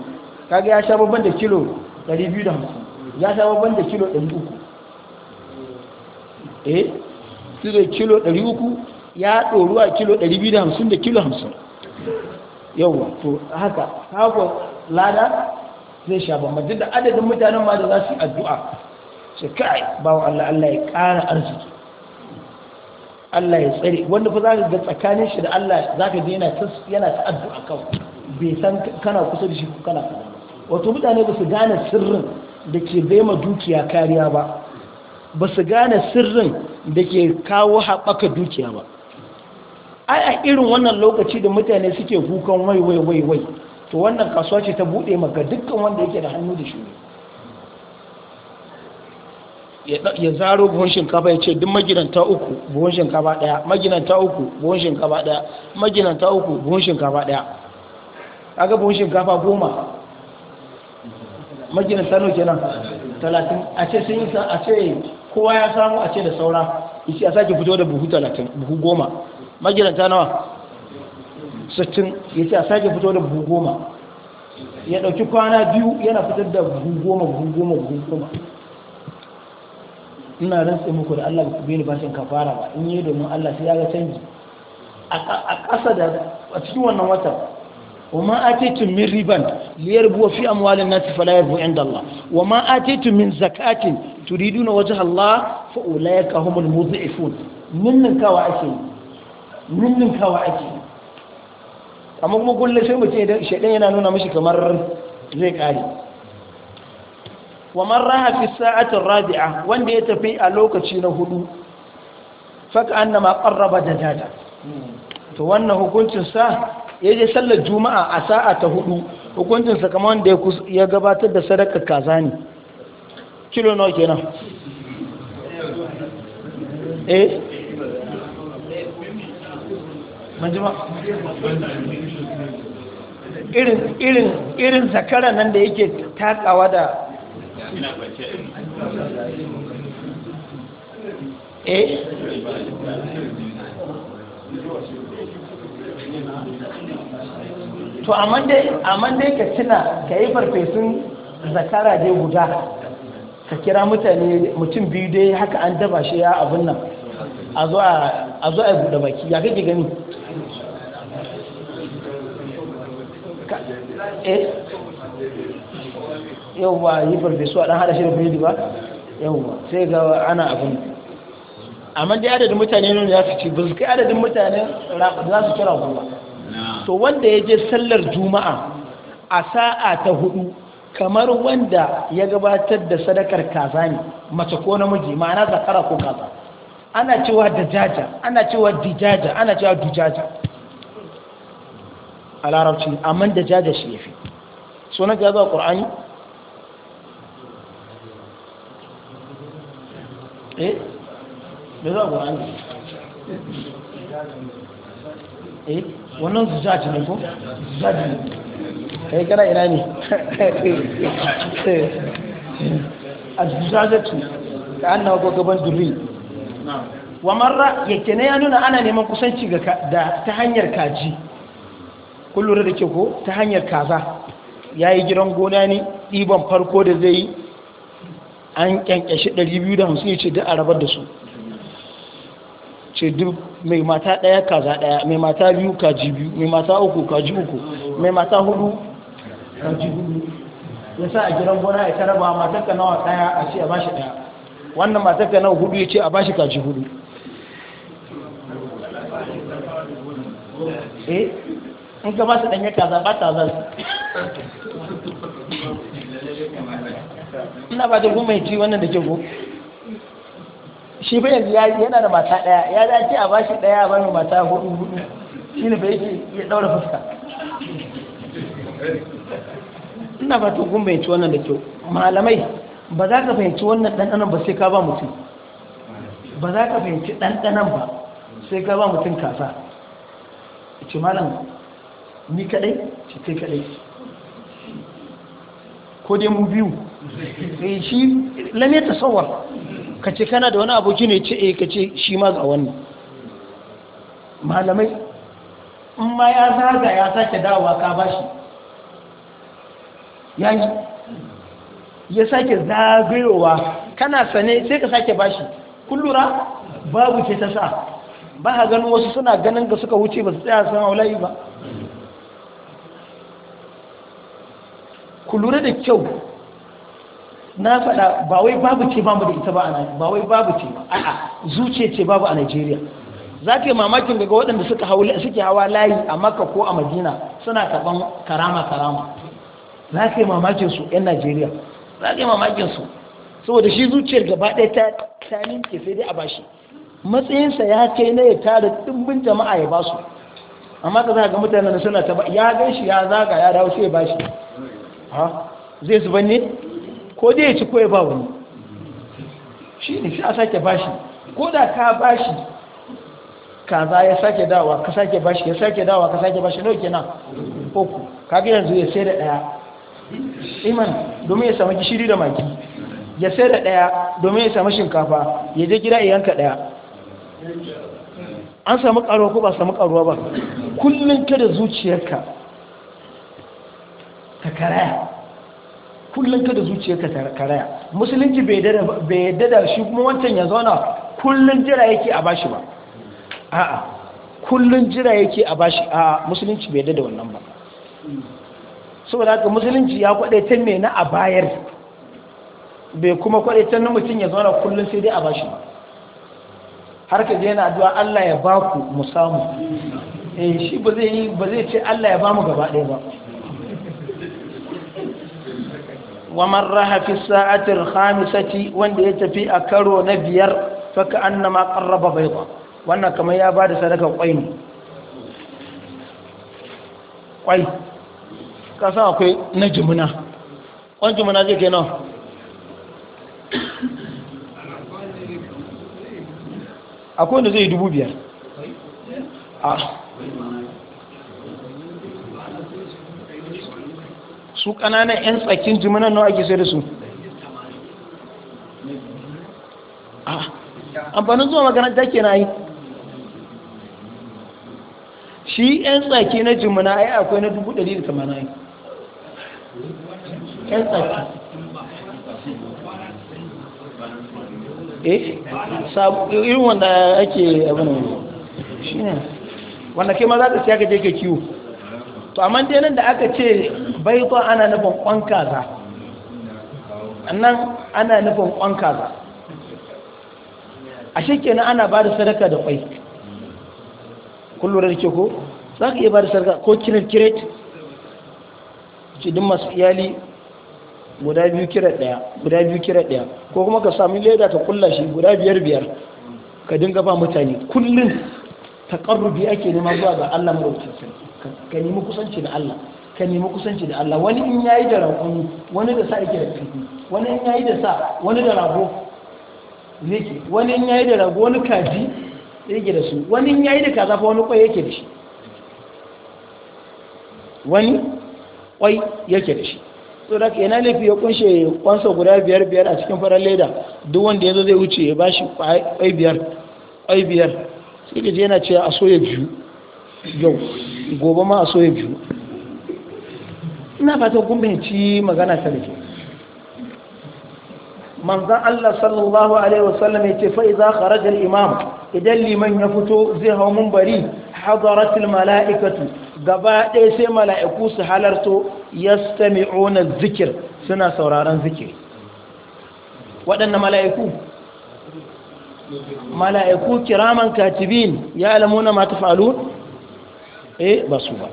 kaga ya sha babban da kilo 250 ya sha babban da kilo 300 eh su da kilo 300 ya ɗoru a kilo 250 da kilo 50 yawwa to haka haka lada zai sha babban duk da adadin mutanen ma da za su yi addu'a su kai bawa Allah Allah ya ƙara arziki Allah ya tsare wanda fa zaka ga tsakanin shi da Allah zaka ji yana yana ta'addu a kawai bai san kana kusa da shi ko kana kaza wato mutane ba su gane sirrin da ke ma dukiya kariya ba ba su gane sirrin da ke kawo haɓaka dukiya ba ai a irin wannan lokaci da mutane suke kukan wai wai wai wai to wannan kasuwa ce ta buɗe maka dukkan wanda yake da hannu da shi ne ya zaro buhun shinkafa ya ce duk magidanta uku buhun shinkafa daya magidanta uku buhun shinkafa daya magidanta uku buhun shinkafa daya aga buhun shinkafa goma magidanta nau kenan talatin a ce sun yi a ce kowa ya samu a ce da saura isi a sake fito da buhu talatin buhu goma magidanta nawa sittin ya ce a sake fito da buhu goma ya ɗauki kwana biyu yana fitar da buhu goma buhu goma buhu goma ina rantsa muku da Allah ku bi ni bashin kafara ba in yi domin Allah sai ya ga canji a ƙasa da a cikin wannan watan وما آتيتم من ربا ليربو في أموال الناس فلا يربو عند الله وما آتيتم من زكاة تريدون وجه الله فأولئك هم المضعفون منن كواعكي منن كواعكي amma kuma kullum sai mutum idan shaɗin yana nuna mashi kamar zai ƙare wa man raha fi sa'atin rabi'a wanda ya tafi a lokaci na hudu faka annama qarraba dajata to wannan hukuncin sa yaje sallar juma'a a sa'a ta hudu hukuncin sa kamar wanda ya gabatar da sadaka kaza ne kilo nawa kenan eh manjima irin irin irin zakara nan da yake takawa da Eh? to a dai ka tuna ka yi farfesun zakara dai guda ka kira mutane mutum biyu dai haka an daba shi ya abun nan a zuwa a buɗe baki ya kake gani eh? yau ba yi farfesu a ɗan hada shi da biredi ba yau ba sai ga ana abin amma dai adadin mutane nuna ya su ci ba su kai adadin mutane za su kira kuma to wanda ya je sallar juma'a a sa'a ta hudu kamar wanda ya gabatar da sadakar kaza ne mace ko namiji ma'ana zakara ko kaza ana cewa da jaja ana cewa dijaja ana cewa dujaja a larabci amma jaja shi ya fi. sunan ga zuwa qur'ani eh me za ku rani eh wannan zujaji ne ko zujaji ne kai kana ina ne eh. a zujajatu ka an nawa gaban durri wa marra yake ne ya nuna ana neman kusanci da ta hanyar kaji kullum da ke ko ta hanyar kaza ya yi gidan gona ne ɗiban farko da zai yi an kyankyashi 250 ya ce duk a rabar da su ce duk mai mata ɗaya kaza ɗaya mai mata biyu kaji biyu mai mata uku kaji uku mai mata hudu kaji hudu ya sa a gidan gona ya taraba matar ka nawa ɗaya a ce a bashi ɗaya wannan matar ka nawa hudu ya ce a bashi kaji hudu eh in ka ba su ɗanya kaza ba ta za su ina ba ta kuma ci wannan da ke ko shi fa yanzu yana da mata daya ya dace a bashi daya a mai mata hudu hudu shi ne fa yake ya daura fuska ina ba ta kuma ci wannan da kyau malamai ba za ka fahimci wannan ɗanɗanan ba sai ka ba mutum ba za ka fahimci ɗanɗanan ba sai ka ba mutum kasa ce malam ni kaɗai ce kai kaɗai ko dai mu biyu E shi ta ka kace kana da wani aboki ne ce eh kace shi ma ga wannan malamai in ma ya zaga ya sake dawowa ka bashi yayi ya sake zagayowa kana sane sai ka sake bashi Kullura babu ce ta sa ba ha ganin wasu suna ganin ga suka wuce ba su tsaya sun haulayi ba ku lura da kyau na faɗa ba wai babu ce ba mu da ita ba a ba wai babu ce ba a'a zuce ce babu a Najeriya za ka yi mamakin daga waɗanda suka suke hawa layi a Makka ko a Madina suna karɓan karama karama za ka yi mamakin su ƴan Najeriya za ka yi mamakin su saboda shi zuciyar gaba ɗaya ta yi ke sai dai a bashi matsayinsa ya kai na ya tara ɗimbin jama'a ya basu amma ka za ga mutanen suna ta ya gan shi ya zaga ya dawo sai ya bashi ha zai su bane ko dai ya ci ko ya ba wani shi ne shi a sake bashi ko da ka bashi kaza ya sake dawa ka sake bashi ya sake dawa ka sake bashi nawa kenan uku kaga yanzu ya sai da daya iman domin ya sami gishiri da maki ya sai da daya domin ya sami shinkafa ya je gida ya yanka daya an sami karuwa ko ba sami karuwa ba kullum kada zuciyarka ta karaya kullum kada zuciyarka ta karaya musulunci bai yadda da shi kuma wancan ya zauna kullum jira yake a bashi ba a'a kullum jira yake a bashi a musulunci bai yadda da wannan ba saboda haka musulunci ya kwaɗe ta mena na a bayar bai kuma kwaɗe ta na mutum ya zauna kullum sai dai a bashi ba har ka je na addu'a Allah ya baku mu samu eh shi ba zai ce Allah ya bamu gaba ɗaya ba wa man raha fi sa'atir khamisati wanda ya tafi a karo na biyar ka annama qarraba bayda wannan kamar ya bada sadaka kwai ne kwai ka san akwai na jumuna kwan jumuna zai kai nawa akwai wanda zai dubu biyar a ah. su ƙananan 'yan tsakin jimunan nawa ake sai da su ah, amfanin zuwa makaranta ke na yi shi 'yan tsaki na jimina ai akwai na 1,180 'yan tsaki eh irin wanda ake abin wanda shi ne wanda kai ma za ta siya ka je ka kiwo to amma dai nan da aka ce baito ana nufin kwan kaza nan ana nufin kwan kaza a kenan ana ba da sadaka da kwai kullum ke ko za ka iya ba da sadaka ko kiran kiret ce masu iyali guda biyu kiret daya guda biyu kiret daya ko kuma ka sami leda ta kulla shi guda biyar biyar ka dinga ba mutane kullum taƙarrubi ake nema zuwa ga Allah maɗaukacin sarki ka nemi kusanci da Allah ka nemi kusanci da Allah wani in yayi da rakuni wani da sa yake da kifi wani in yayi da sa wani da rago yake wani in yayi da rago wani kaji yake da su wani in yayi da kaza fa wani kwai yake da shi wani kwai yake da shi to da ke na lafi ya kunshe kwansa guda biyar biyar a cikin farar leda duk wanda ya zo zai wuce ya bashi kwai biyar kwai biyar sai ka je yana cewa a soya biyu yau gobe ma a so ya biyu ina fata kun ci magana ta da ke manzan Allah sallallahu alaihi wasallam ya ce fa'iza imam idan liman ya fito zai hau mun bari hadaratul mala'ikatu gaba ɗaya sai mala'iku su halarto ya stami'una zikir suna sauraron zikir waɗannan mala'iku mala'iku kiraman katibin ya alamuna mata eh ba su ba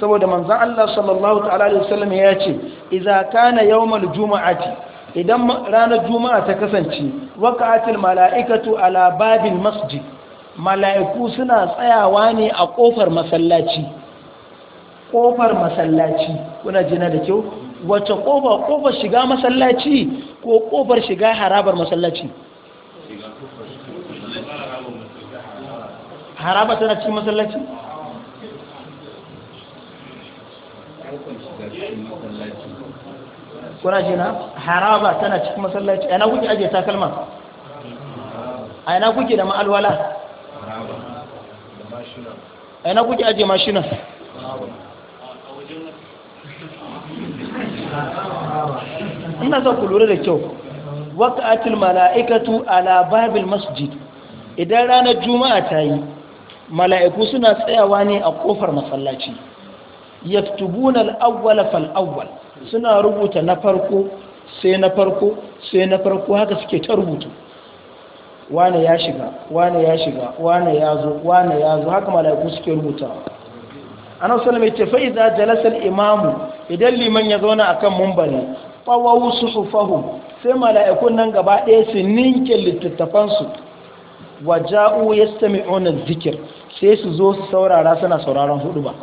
saboda manzan Allah sallallahu alaihi wasallam ya ce idza kana yawmal juma'ati idan ranar juma'a ta kasance waqa'atil mala'ikatu ala babil masjid mala'iku suna tsayawa ne a kofar masallaci kofar masallaci kuna jina da kyau wace kofa kofar shiga masallaci ko kofar shiga harabar masallaci haraba tana cikin masallaci kuna jina haraba tana cikin masallaci ina kuke aje takalma a yana kuke da ma'alwala a yana kuke aje mashina ina za ku lura da kyau waka'atul mala'ikatu ala babil masjid idan ranar juma'a ta yi mala'iku suna tsayawa ne a kofar masallaci yaktubuna al-awwala fal awwal suna rubuta na farko sai na farko sai na farko haka suke ta rubutu wane ya shiga wane ya shiga wane ya zo wane ya zo haka mala'iku suke rubutawa ana sallama yace fa idza jalasa al-imamu idan liman ya zauna akan munbari qawaw suhufahum sai mala'ikun nan gaba ɗaya su ninke littattafan su waja'u yastami'una adh-dhikr sai su zo su saurara suna sauraron hudu ba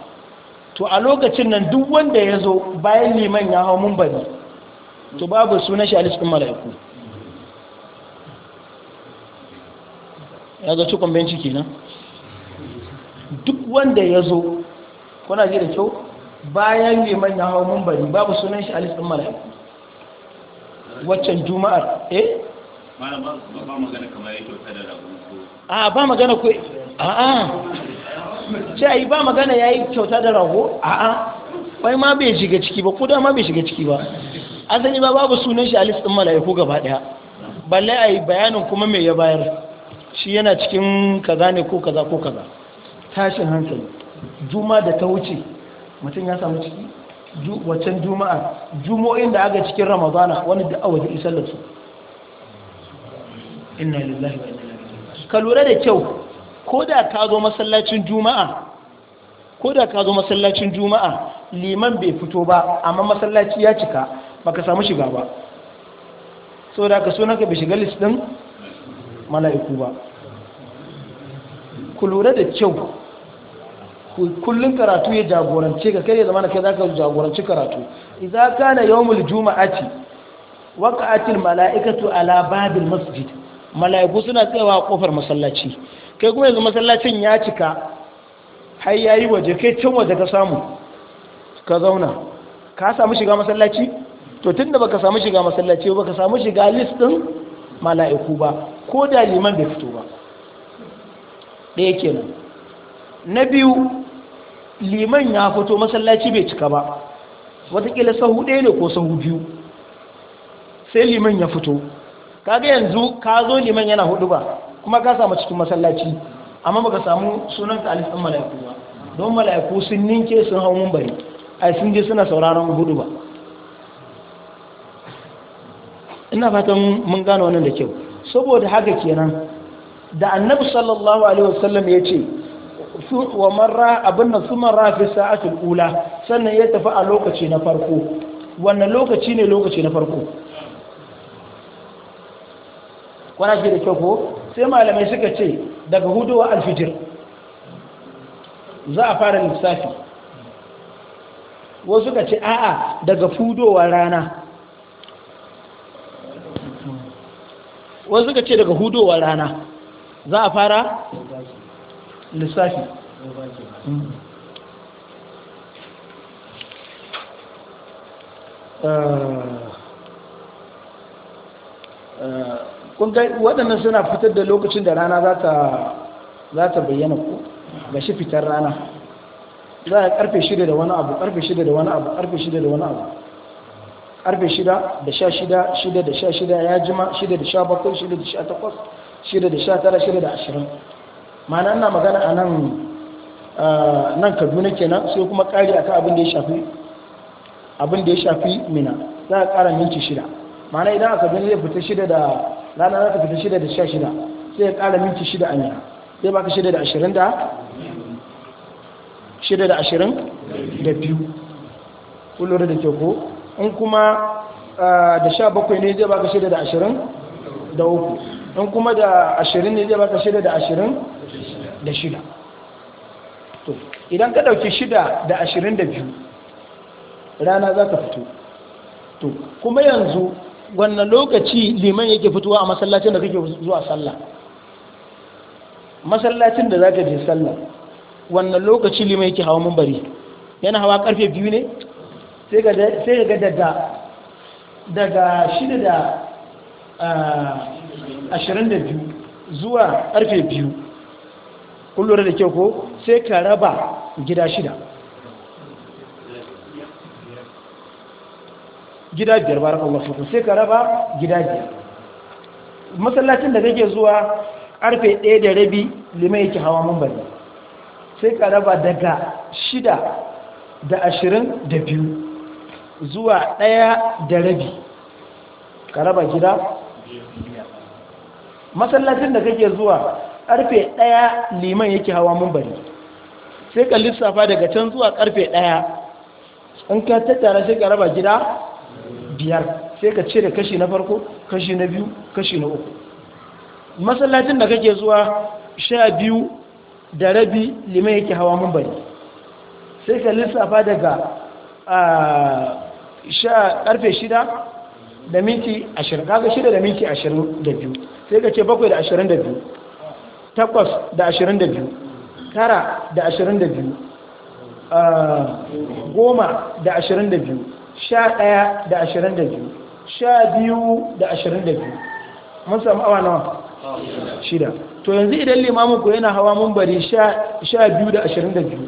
to a lokacin nan duk wanda ya zo bayan liman ya hau mumbari to babu sunan shi a listin mala'iku ya ga cikon ke nan duk wanda ya zo kuna ji da kyau bayan liman ya hau mumbari babu sunan shi a listin mala'iku waccan juma'ar eh ba magana kamar ya kyauta da rabu a ba magana ko a a ce yi ba magana ya yi kyauta da rago a'a bai ma bai shiga ciki ba ko da ma bai shiga ciki ba asali ba babu sunan shi a listin mala'iku gaba daya balle yi bayanin kuma me ya bayar shi yana cikin kaza ne ko kaza ko kaza tashin hankali juma da ta wuce mutum ya samu ciki waccan juma'a jumo'in da aga cikin ramadana wani da awa da isar da su inna lillahi wa inna ilaihi ka lura da kyau ko da ka zo masallacin juma'a ko da ka zo masallacin juma'a liman bai fito ba amma masallaci ya cika baka samu shiga ba saboda ka so ka bai shiga listin mala'iku ba ku lura da kyau kullum karatu ya jagorance ka kare zama na kai zaka jagoranci karatu idza kana yawmul juma'ati waqa'atil mala'ikatu ala babil masjid mala'iku suna tsayawa a kofar masallaci kai kuma yanzu masallacin ya cika har ya yi waje kai can waje ka samu ka zauna ka samu shiga masallaci to tun da baka samu shiga masallaci baka samu shiga listin mala'iku ba ko da liman bai fito ba ɗaya kenan na biyu liman ya fito masallaci bai cika ba watakila sahu ɗaya ne ko sahu biyu sai liman ya fito kaga yanzu ka zo liman yana hudu ba kuma ka samu cikin masallaci amma baka samu sunan ka alif mala'iku ba don mala'iku sun ninke sun hau bari ai sun je suna sauraron hudu ba ina fatan mun gano wannan da kyau saboda haka kenan da annabi sallallahu alaihi wasallam ya ce wa marra abin da su marra fi sa'atul ula sannan ya tafi a lokaci na farko wannan lokaci ne lokaci na farko kwana ke da kyau ko sai malamai suka ce daga wa alfijir za a fara lissafi wasu suka ce a'a daga hudowa rana wasu suka ce daga hudowa rana za a fara lissafi hmm. uh, uh, kun ga waɗannan suna fitar da lokacin da rana za ta bayyana ku ga shi fitar rana za a karfe shida da wani abu karfe shida da wani abu karfe shida da wani abu karfe shida da sha shida shida da sha shida ya jima shida da sha bakwai shida da sha takwas shida da sha tara shida da ashirin ma'ana ana magana a nan nan kaduna kenan sai kuma kari akan abin da ya shafi abin da ya shafi mina za a kara minti shida ma'ana idan a kaduna zai fita shida da rana za ta fita shida da sha shida sai ya ƙara minti shida a yana zai baka shida da ashirin da shida da ashirin da biyu kullum da ke ko in kuma da sha bakwai ne zai baka shida da ashirin da uku in kuma da ashirin ne zai baka shida da ashirin da shida to idan ka ɗauki shida da ashirin da biyu rana za ka fito to kuma yanzu wannan lokaci liman yake fitowa a masallacin da kake zuwa sallah masallacin da zaka je sallah wannan lokaci liman yake hawa mambari yana hawa karfe biyu ne sai ga daga daga shida da ah, ashirin da biyu zuwa karfe biyu kullum da kyau ko sai ka raba gida shida gida biyar barakallahu fiku sai ka raba gida biyar masallacin da kake zuwa karfe ɗaya da rabi limai yake hawa mun bari sai ka raba daga shida da ashirin da biyu zuwa ɗaya da rabi ka raba gida masallacin da kake zuwa karfe ɗaya liman yake hawa mun bari sai ka lissafa daga can zuwa karfe ɗaya in ka tattara sai ka raba gida biyar sai ka cire kashi na farko kashi na biyu kashi na uku masallacin da kake zuwa sha biyu da rabi liman yake hawa bari sai ka lissafa daga sha karfe shida da minti ashirin kaga shida da minti ashirin da biyu sai ka ce bakwai da ashirin da biyu takwas da ashirin da biyu tara da ashirin da biyu goma da ashirin da biyu sha ɗaya da ashirin da biyu da ashirin mun samu awa nawa shida to yanzu idan limamin ku yana hawa mun bari sha biyu da ashirin da biyu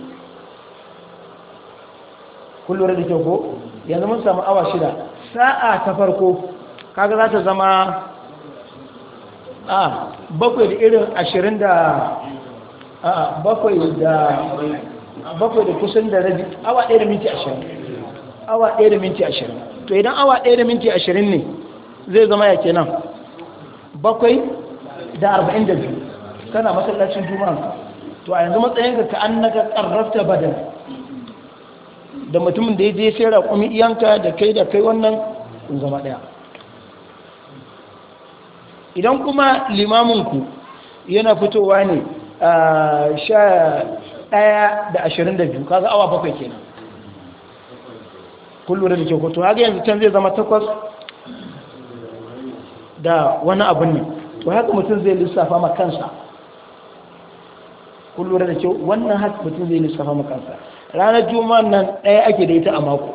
kullum da kyau ko yanzu mun samu awa shida sa'a ta farko kaga za ta zama a bakwai da irin ashirin da a da bakwai da kusan da rabi awa ɗaya da minti ashirin awa ɗaya da minti ashirin to idan awa ɗaya da minti ashirin ne zai zama ya kenan bakwai da arba'in da biyu kana masallacin juma'a to a yanzu matsayin ka an naga ƙarrafta badan da mutumin da ya je sai raƙumi iyanka da kai da kai wannan in zama ɗaya idan kuma limaminku yana fitowa ne a ah, sha ɗaya da ashirin da biyu kaga awa bakwai kenan kullum da ke koto haka yanzu can zai zama takwas da wani abin ne to haka mutum zai lissafa ma kansa kullum da ke wannan haka mutum zai lissafa ma kansa ranar juma'a nan ɗaya ake da ita a mako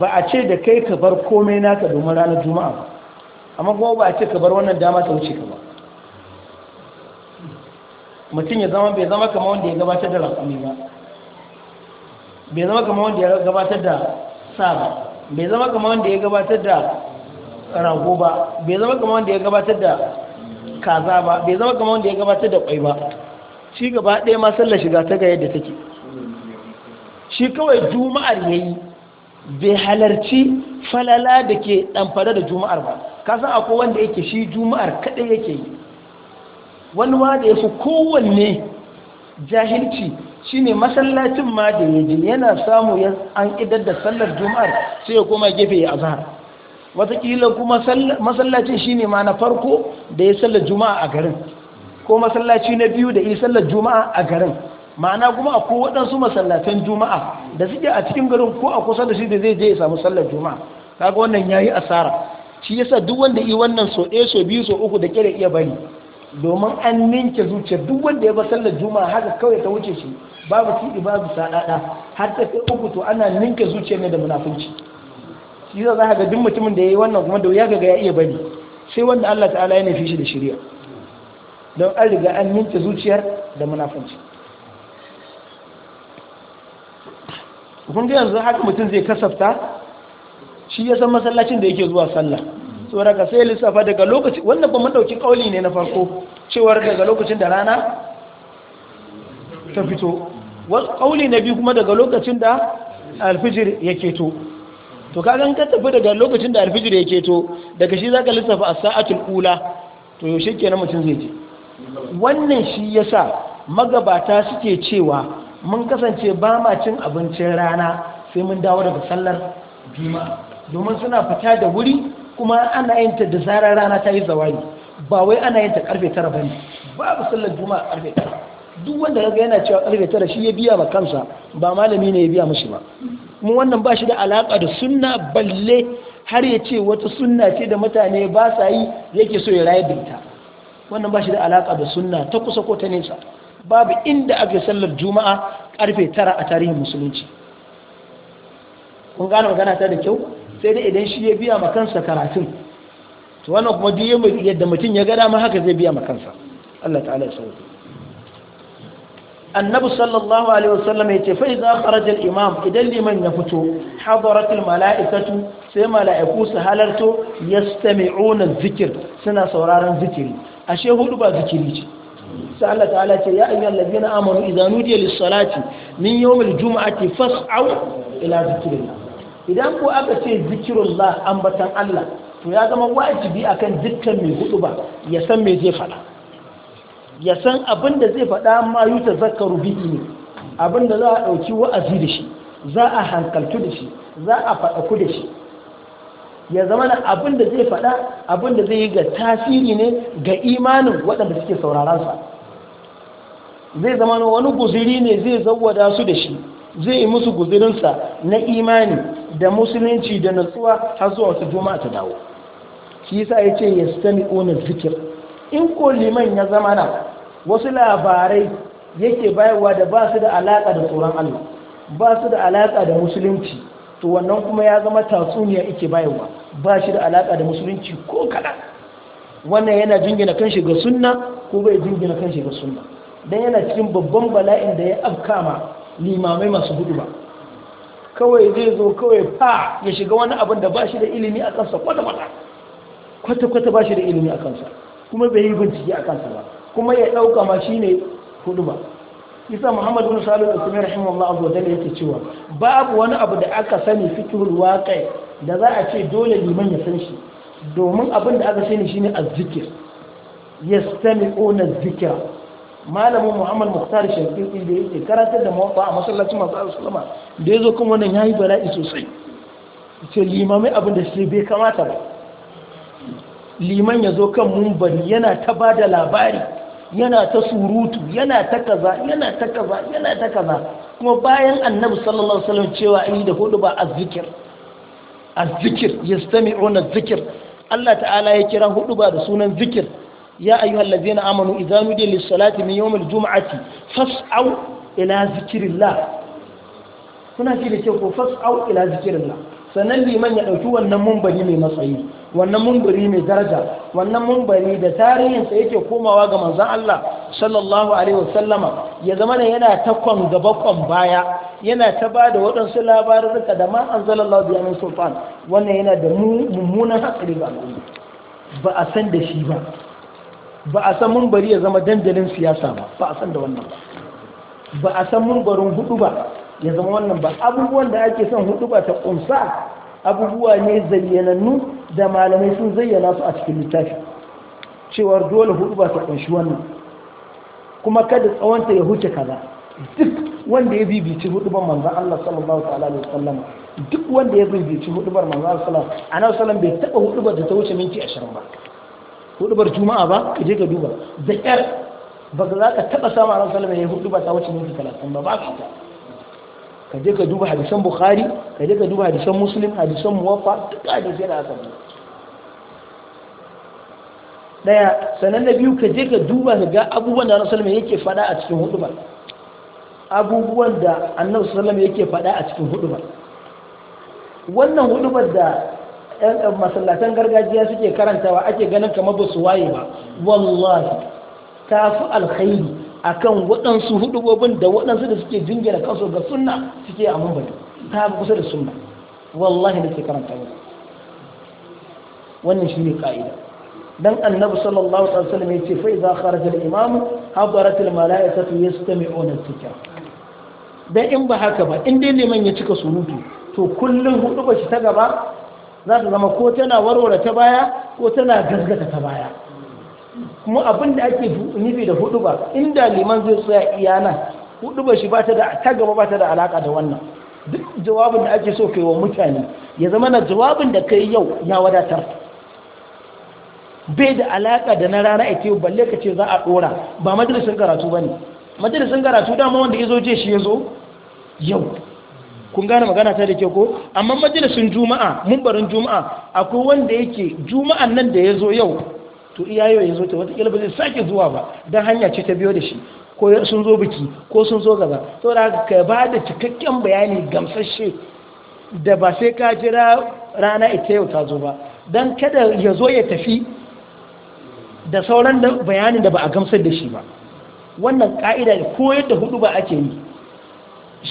ba a ce da kai ka bar komai naka domin ranar juma'a ba amma kuma ba a ce ka bar wannan dama ta wuce ka ba mutum ya zama bai zama kama wanda ya gabatar da rakami ba bai zama kama wanda ya gabatar da sa ba bai zama kama wanda ya gabatar da rago ba bai zama kama wanda ya gabatar da kaza ba bai zama kama wanda ya gabatar da kwai ba shi gaba ɗaya ma sallar shiga ta ga yadda take shi kawai juma'ar ya yi bai halarci falala da ke ɗamfare da juma'ar ba kasan akwai wanda yake shi juma'ar kaɗai yake yi wani ma da ya fi kowanne jahilci ne masallacin ma da yaji yana samu an idar da sallar juma'ar sai ya koma gefe ya azhar Wataƙila kuma masallacin ne ma na farko da ya sallar juma'a a garin ko masallaci na biyu da ya sallar juma'a a garin ma'ana kuma akwai waɗansu masallatan juma'a da suke a cikin garin ko a kusa da shi da zai je ya samu sallar juma'a kaga wannan yayi asara shi yasa duk wanda yi wannan so ɗaya so biyu so uku da kire iya bari domin an ninke zuciya duk wanda ya ba sallar juma'a haka kawai ta wuce shi babu tiɗi babu saɗaɗa har ta sai uku to ana ninke zuciya ne da munafunci shi za ka ga duk mutumin da ya yi wannan kuma da ya ga ya iya bari sai wanda Allah ta'ala ya nufi shi da shirya don an riga an ninke zuciyar da munafunci kun ga yanzu haka mutum zai kasafta shi ya san masallacin da yake zuwa sallah saboda ka sai lissafa daga lokaci wannan ba mun dauki kauli ne na farko cewar daga lokacin da rana ta fito kauli na biyu kuma daga lokacin da alfijir ya to to kagan ka tafi daga lokacin da alfijir ya to. daga shi zaka lissafa a saatul ula to yaushe kenan mutum zai je wannan shi yasa magabata suke cewa mun kasance ba ma cin abincin rana sai mun dawo daga sallar juma'a domin suna fita da wuri kuma ana yin ta da zarar rana ta yi zawali ba wai ana yin ta karfe tara bane babu sallar juma'a karfe tara duk wanda kaga yana cewa karfe tara shi ya biya ba kansa ba malami ne ya biya mashi ba mu wannan ba shi da alaka da sunna balle har ya ce wata sunna ce da mutane ba sa yi yake so ya rayar da ita wannan ba shi da alaka da sunna ta kusa ko ta nesa babu inda ake sallar juma'a karfe tara a tarihin musulunci kun gane magana ta da kyau sai dai idan shi ya biya ma kansa karatun to wannan kuma duk yadda mutum ya ga ma haka zai biya ma kansa Allah ta'ala ya sauke annabi sallallahu alaihi wasallam yace fa idza kharaja al-imam idan liman ya fito hadarat al-mala'ikatu sai mala'iku su halarto yastami'una dhikr suna sauraron zikiri ashe hudu ba zikiri ce sai Allah ta'ala ce ya ayyuhal ladina amanu idza nudiya lis-salati min juma'a al-jum'ati fas'au ila dhikrillah idan ku aka ce zikirullah ambatan Allah to ya zama wajibi akan dukkan mai hudu ba ya san me zai faɗa ya san abin da zai faɗa ma yuta zakaru bihi ne abin da za a ɗauki wa'azi da shi za a hankaltu da shi za a ku da shi ya zama na abin da zai faɗa abin da zai yi ga tasiri ne ga imanin waɗanda suke sauraron sa zai zama wani guziri ne zai zawwada su da shi zai yi musu guzurinsa na imani da musulunci da natsuwa har zuwa wata juma'a ta dawo shi yasa ya ce ya stani ona zikir in ko liman ya zama na wasu labarai yake bayarwa da ba su da alaƙa da tsoron allah ba su da alaƙa da musulunci to wannan kuma ya zama tatsuniya yake bayarwa ba shi da alaƙa da musulunci ko kaɗan wannan yana jingina kan shiga sunna ko bai jingina kan shiga sunna Dan yana cikin babban bala'in da ya afkama limamai masu hudu ba kawai zai zo kawai fa ya shiga wani abin da ba shi da ilimi a kansa kwata-kwata kwata-kwata ba shi da ilimi a kansa kuma bai yi bincike a kansa ba kuma ya ɗauka ma shi ne hudu ba isa muhammad bin salim da kuma rahimahullah azza wa da yake cewa babu wani abu da aka sani fiqhul waqi da za a ce dole liman ya san shi domin abin da aka sani shine az ya yastami'una ona malamin muhammad muhtar shafiqi da yake karatar da mawaƙa a masallacin masu sallama da ya zo kuma wannan ya yi bala'i sosai ce limamai abin da shi bai kamata ba liman ya zo kan bari, yana ta ba da labari yana ta surutu yana ta kaza yana ta kaza yana ta kaza kuma bayan annabi sallallahu alaihi wasallam cewa an yi da hudu ba azzikir azzikir yastami'una zikir Allah ta'ala ya kira hudu ba da sunan zikir يا أيها الذين آمنوا إذا نودي للصلاة من يوم الجمعة فاسعوا إلى ذكر الله هنا كده شوفوا فاسعوا إلى ذكر الله sannan liman ya ɗauki wannan mumbari mai matsayi wannan mumbari mai daraja wannan mumbari da tarihinsa yake komawa ga manzan Allah sallallahu alaihi wasallama ya zama ne yana ta kwan gaba kwan baya yana ta ba da waɗansu labarurruka da ma an zalallahu biya sultan wannan yana da mummunan hatsari ga al'umma ba a san da shi ba ba a san mumbari ya zama dandalin siyasa ba ba a san da wannan ba ba a san mumbarin hudu ba ya zama wannan ba abubuwan da ake son hudu ba ta kunsa abubuwa ne zayyanannu da malamai sun zayyana su a cikin littafi cewar dole hudu ba ta kunshi wannan kuma kada tsawonta ya huce kaza duk wanda ya bibici ban manzan Allah sallallahu ta'ala alaihi wasallam duk wanda ya bibici ban manzan Allah sallallahu alaihi wasallam bai taba ba da ta wuce minti 20 ba hudubar juma'a ba ka je ka duba da yar ba za ka taba samu ran salama ya hudu ba ta wacce minti talatin ba ba ka ta ka je ka duba hadisan bukhari ka je ka duba hadisan muslim hadisan muwaffa duk hadisai da aka duba daya sanan na biyu ka je ka duba ka ga abubuwan da annabi ya yake fada a cikin hudu ba abubuwan da annabi ya yake fada a cikin hudu ba wannan hudubar da yan masallatan gargajiya suke karantawa ake ganin kamar ba su waye ba wallahi ta fi alkhairi akan waɗansu hudubobin da waɗansu da suke jingina kansu ga sunna suke a mambata ta fi kusa da sunna wallahi da ke karanta ba wannan shi ne ka'ida dan annabi sallallahu alaihi wasallam yace fa idza kharaja al-imam hadarat al-mala'ikatu yastami'una al-dhikr dan in ba haka ba in dai liman ya cika surutu to kullun hudu ba shi ta gaba za ta zama ko tana warware ta baya ko tana gasgata ta baya kuma abin da ake nufi da hudu ba inda liman zai tsaya iyana hudu ba shi ba ta da ta gaba ba ta da alaka da wannan duk jawabin da ake so kai wa mutane ya zama na jawabin da kai yau ya wadatar bai da alaka da na rana ake yau balle ka ce za a dora ba majalisun karatu ba ne majalisun karatu dama wanda ya zo je shi ya zo yau kun gane magana ta da ke ko amma majalisun juma'a mumbarin juma'a akwai wanda yake juma'an nan da ya zo yau to iya yau ya zo ta wata ba zai sake zuwa ba don hanya ce ta biyo da shi ko sun zo biki ko sun zo gaba saboda ka ba da cikakken bayani gamsashe da ba sai ka jira rana ita yau ta zo ba don kada ya zo ya tafi da sauran bayanin da ba a gamsar da shi ba wannan ka'ida ko yadda hudu ba ake yi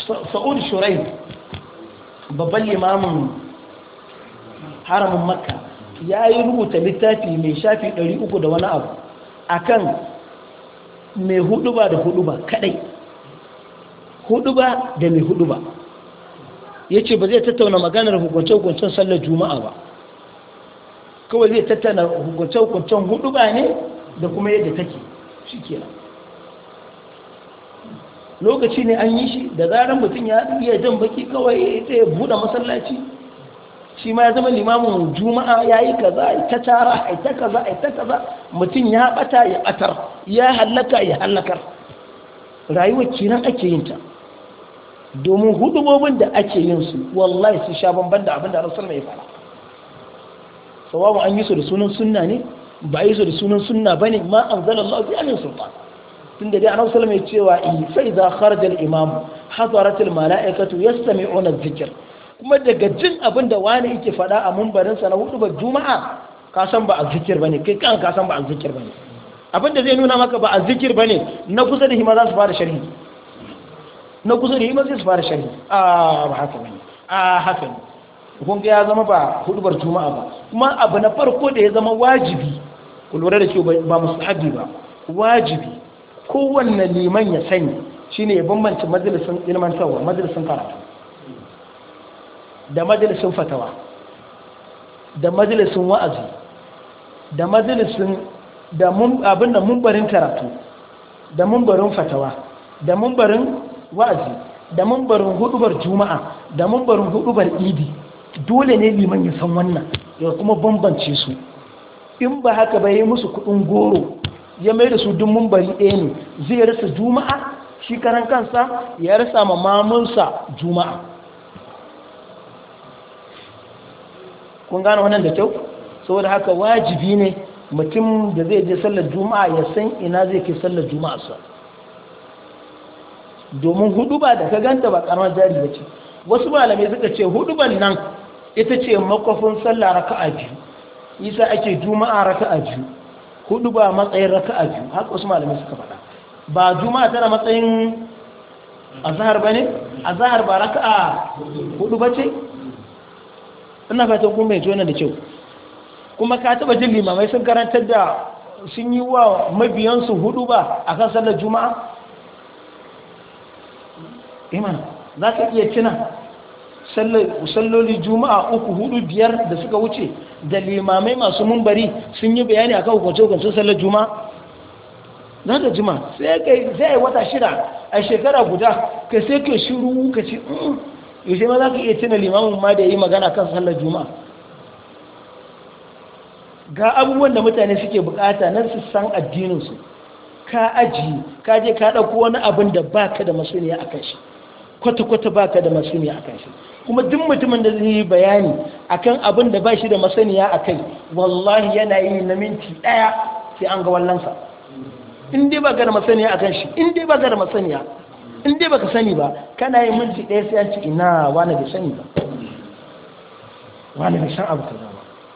sa'ud Shurai, babban limamin haramin makka ya yi rubuta littafi mai shafi 300 da wani abu A kan mai huduba da huduba kadai huduba da mai huduba ya ce ba zai tattauna maganar hukunce-hukuncen sallar juma'a ba kawai zai tattauna hukunce-hukuncen huduba ne da kuma yadda take shi kenan lokaci ne an yi shi da zarar mutum ya iya jan baki kawai ya buɗe masallaci shi ma ya zama limamin juma'a ya yi kaza a ta tara a ta kaza a ta kaza mutum ya ɓata ya ɓatar ya hallaka ya hallakar rayuwar kiran ake yin ta domin hudubobin da ake yin su wallahi su sha bambam da abin da rasul mai fara sawawa an yi su da sunan sunna ne ba yi su da sunan sunna ne, ma an anzalallahu lafiya ne sultan tun da dai annabi sallallahu alaihi cewa fa idza kharaja al-imam hadarat al-mala'ikatu yastami'una adh-dhikr kuma daga jin abin da wani yake faɗa a mumbarin sa na hudu ba juma'a ka san ba azzikir bane kai kan ka san ba azzikir bane abin da zai nuna maka ba azzikir bane na kusa da hima za su fara sharhi na kusa da hima zai su fara sharhi a ba haka bane a haka ne kun ga ya zama ba hudubar juma'a ba kuma abu na farko da ya zama wajibi ku lura da cewa ba mustahabi ba wajibi kowanne liman ya sani shine ya bambanci majalisun ilmantarwa majalisun karatu da majalisun fatawa da majalisun wa'azi da majalisun da abin da mumbarin karatu da mumbarin fatawa da mumbarin wa'azi da mumbarin hudubar juma'a da mumbarin hudubar idi dole ne liman ya san wannan ya kuma bambance su in ba haka ba yi musu kudin goro ya mai da su duk mumbari ɗaya ne zai rasa juma'a shi karan kansa ya rasa ma mamamunsa juma'a kun gane wannan da kyau saboda haka wajibi ne mutum da zai je sallar juma'a ya san ina zai ke sallar juma'a sa domin hudu ba da ka ganta ba karamar jari ba ce wasu malamai suka ce hudu ban nan ita ce makwafin sallah raka'a biyu isa ake juma'a raka'a biyu hudu ba matsayin raka'a biyu haka wasu malamai suka faɗa ba juma'a tana matsayin azhar bane zahar ba raka'a hudu bace ina fatan kun bai tona da kyau kuma ka taba jin limamai sun karantar da sun yi wa mabiyansu hudu ba a kan sallar juma'a imana eh za ka iya cina musalloli juma'a uku hudu biyar da suka wuce da limamai masu mumbari sun yi bayani a akan hukunce sun sallar juma'a na da juma sai a yi wata shida a shekara guda ka sai ka shiru ka ce mm, yaushe ma za ka iya tuna limamin ma da ya yi magana kan sallar juma'a ga abubuwan da mutane suke bukata na su san addininsu ka ajiye ka je ka ɗauko wani abin da baka da masuniya a kan shi kwata-kwata baka da masuniya a shi kuma duk mutumin da zai yi bayani a kan abin da ba shi da masaniya a kai wallahi yana yi na minti ɗaya sai an ga wallansa in dai baka da masaniya a shi in dai baka da masaniya in dai baka sani ba kana yi minti ɗaya sai an ci ina wani bai sani ba wani bai san abu kaza ba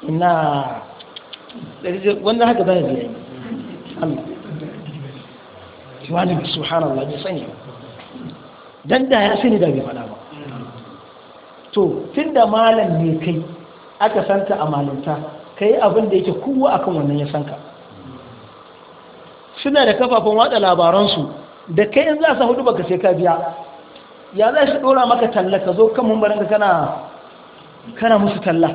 ina wannan haka bane da yayi Allah wani bai sani ba dan da ya sani da bai faɗa ba to tun da malam ne kai aka santa a malinta ka yi abin da yake kowa akan wannan ya sanka suna da kafafen watsa labaransu da kai in za su hudu baka sai ka biya ya za shi dora maka talla ka zo kan mumbarin ka kana musu talla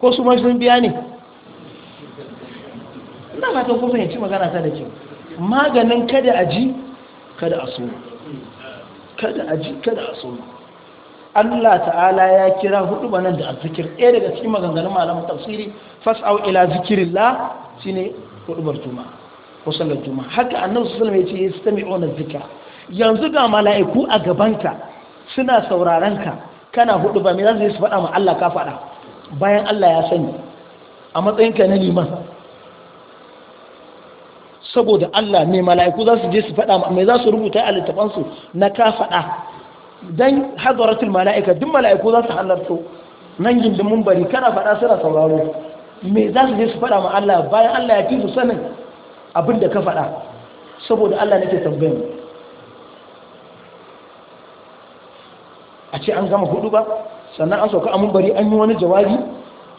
ko su sun biya ne ina fatan ko yanci magana ta da kyau maganin kada a ji kada a so kada a ji kada a so Allah ta'ala ya kira hudu banan da azzikir ɗaya daga cikin maganganun malamin tafsiri fas'au ila shi shine hudubar juma'a ko sallar juma'a haka annabi sallallahu alaihi wasallam ya ce yastami'una zikra yanzu ga mala'iku a gabanka suna sauraron ka kana hudu ba me zai su faɗa ma Allah ka faɗa bayan Allah ya sani a matsayinka na liman saboda Allah mai mala'iku za su je su faɗa mai za su rubuta a littafansu na ka faɗa don hadaratul mala'ika duk mala'iku za su halarto nan gindin bari kada faɗa suna sauraro mai za su je su faɗa ma Allah bayan Allah ya fi sanin abin da ka faɗa saboda Allah nake tambayin a ce an gama hudu ba sannan an sauka a mun bari an yi wani jawabi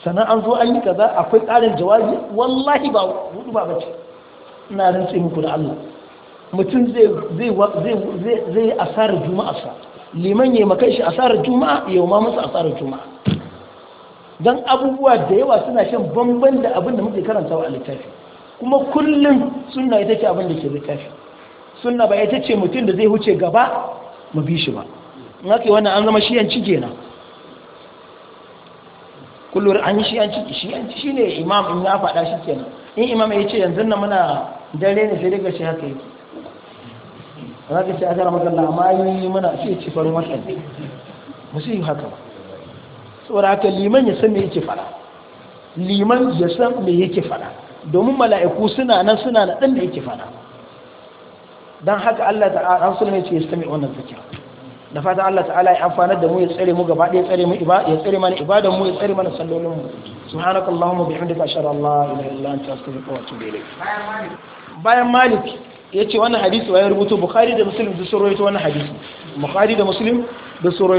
sannan an zo an yi kaza akwai ƙarin jawabi wallahi ba hudu ba bace ina rantse muku da Allah mutum zai yi asarar asara juma'a sa liman yi makai shi asara juma'a yau ma masa asara juma'a don abubuwa da yawa suna shan bamban da abin da muke karantawa a littafi kuma kullum suna ita ce abin da ke littafi suna ba ita ce mutum da zai huce gaba mu bi shi ba in haka wannan an zama shiyanci kenan kullum an yi shiyanci shi ne imam in ya faɗa shi kenan in imam ya ce yanzu na muna dare ne sai daga shi haka yake za ka ce a gara magana amma yi mana shi ci farin watan ba su yi haka ba saboda haka liman ya san me yake fara liman ya san me yake fara domin mala'iku suna nan suna na ɗan da yake fara don haka Allah an suna ne ce ya sami wannan zikira da fata Allah ala ya amfana da mu ya tsare mu gaba ɗaya tsare mu ya tsare mana ibadan mu ya tsare mana sallolin mu subhanakallahumma bihamdika ashhadu an la ilaha illa anta astaghfiruka wa atubu ilayk bayan malik ya ce wannan hadisi bayan rubutu bukhari da muslim da sun rawaito wannan hadisi bukhari da muslim da sun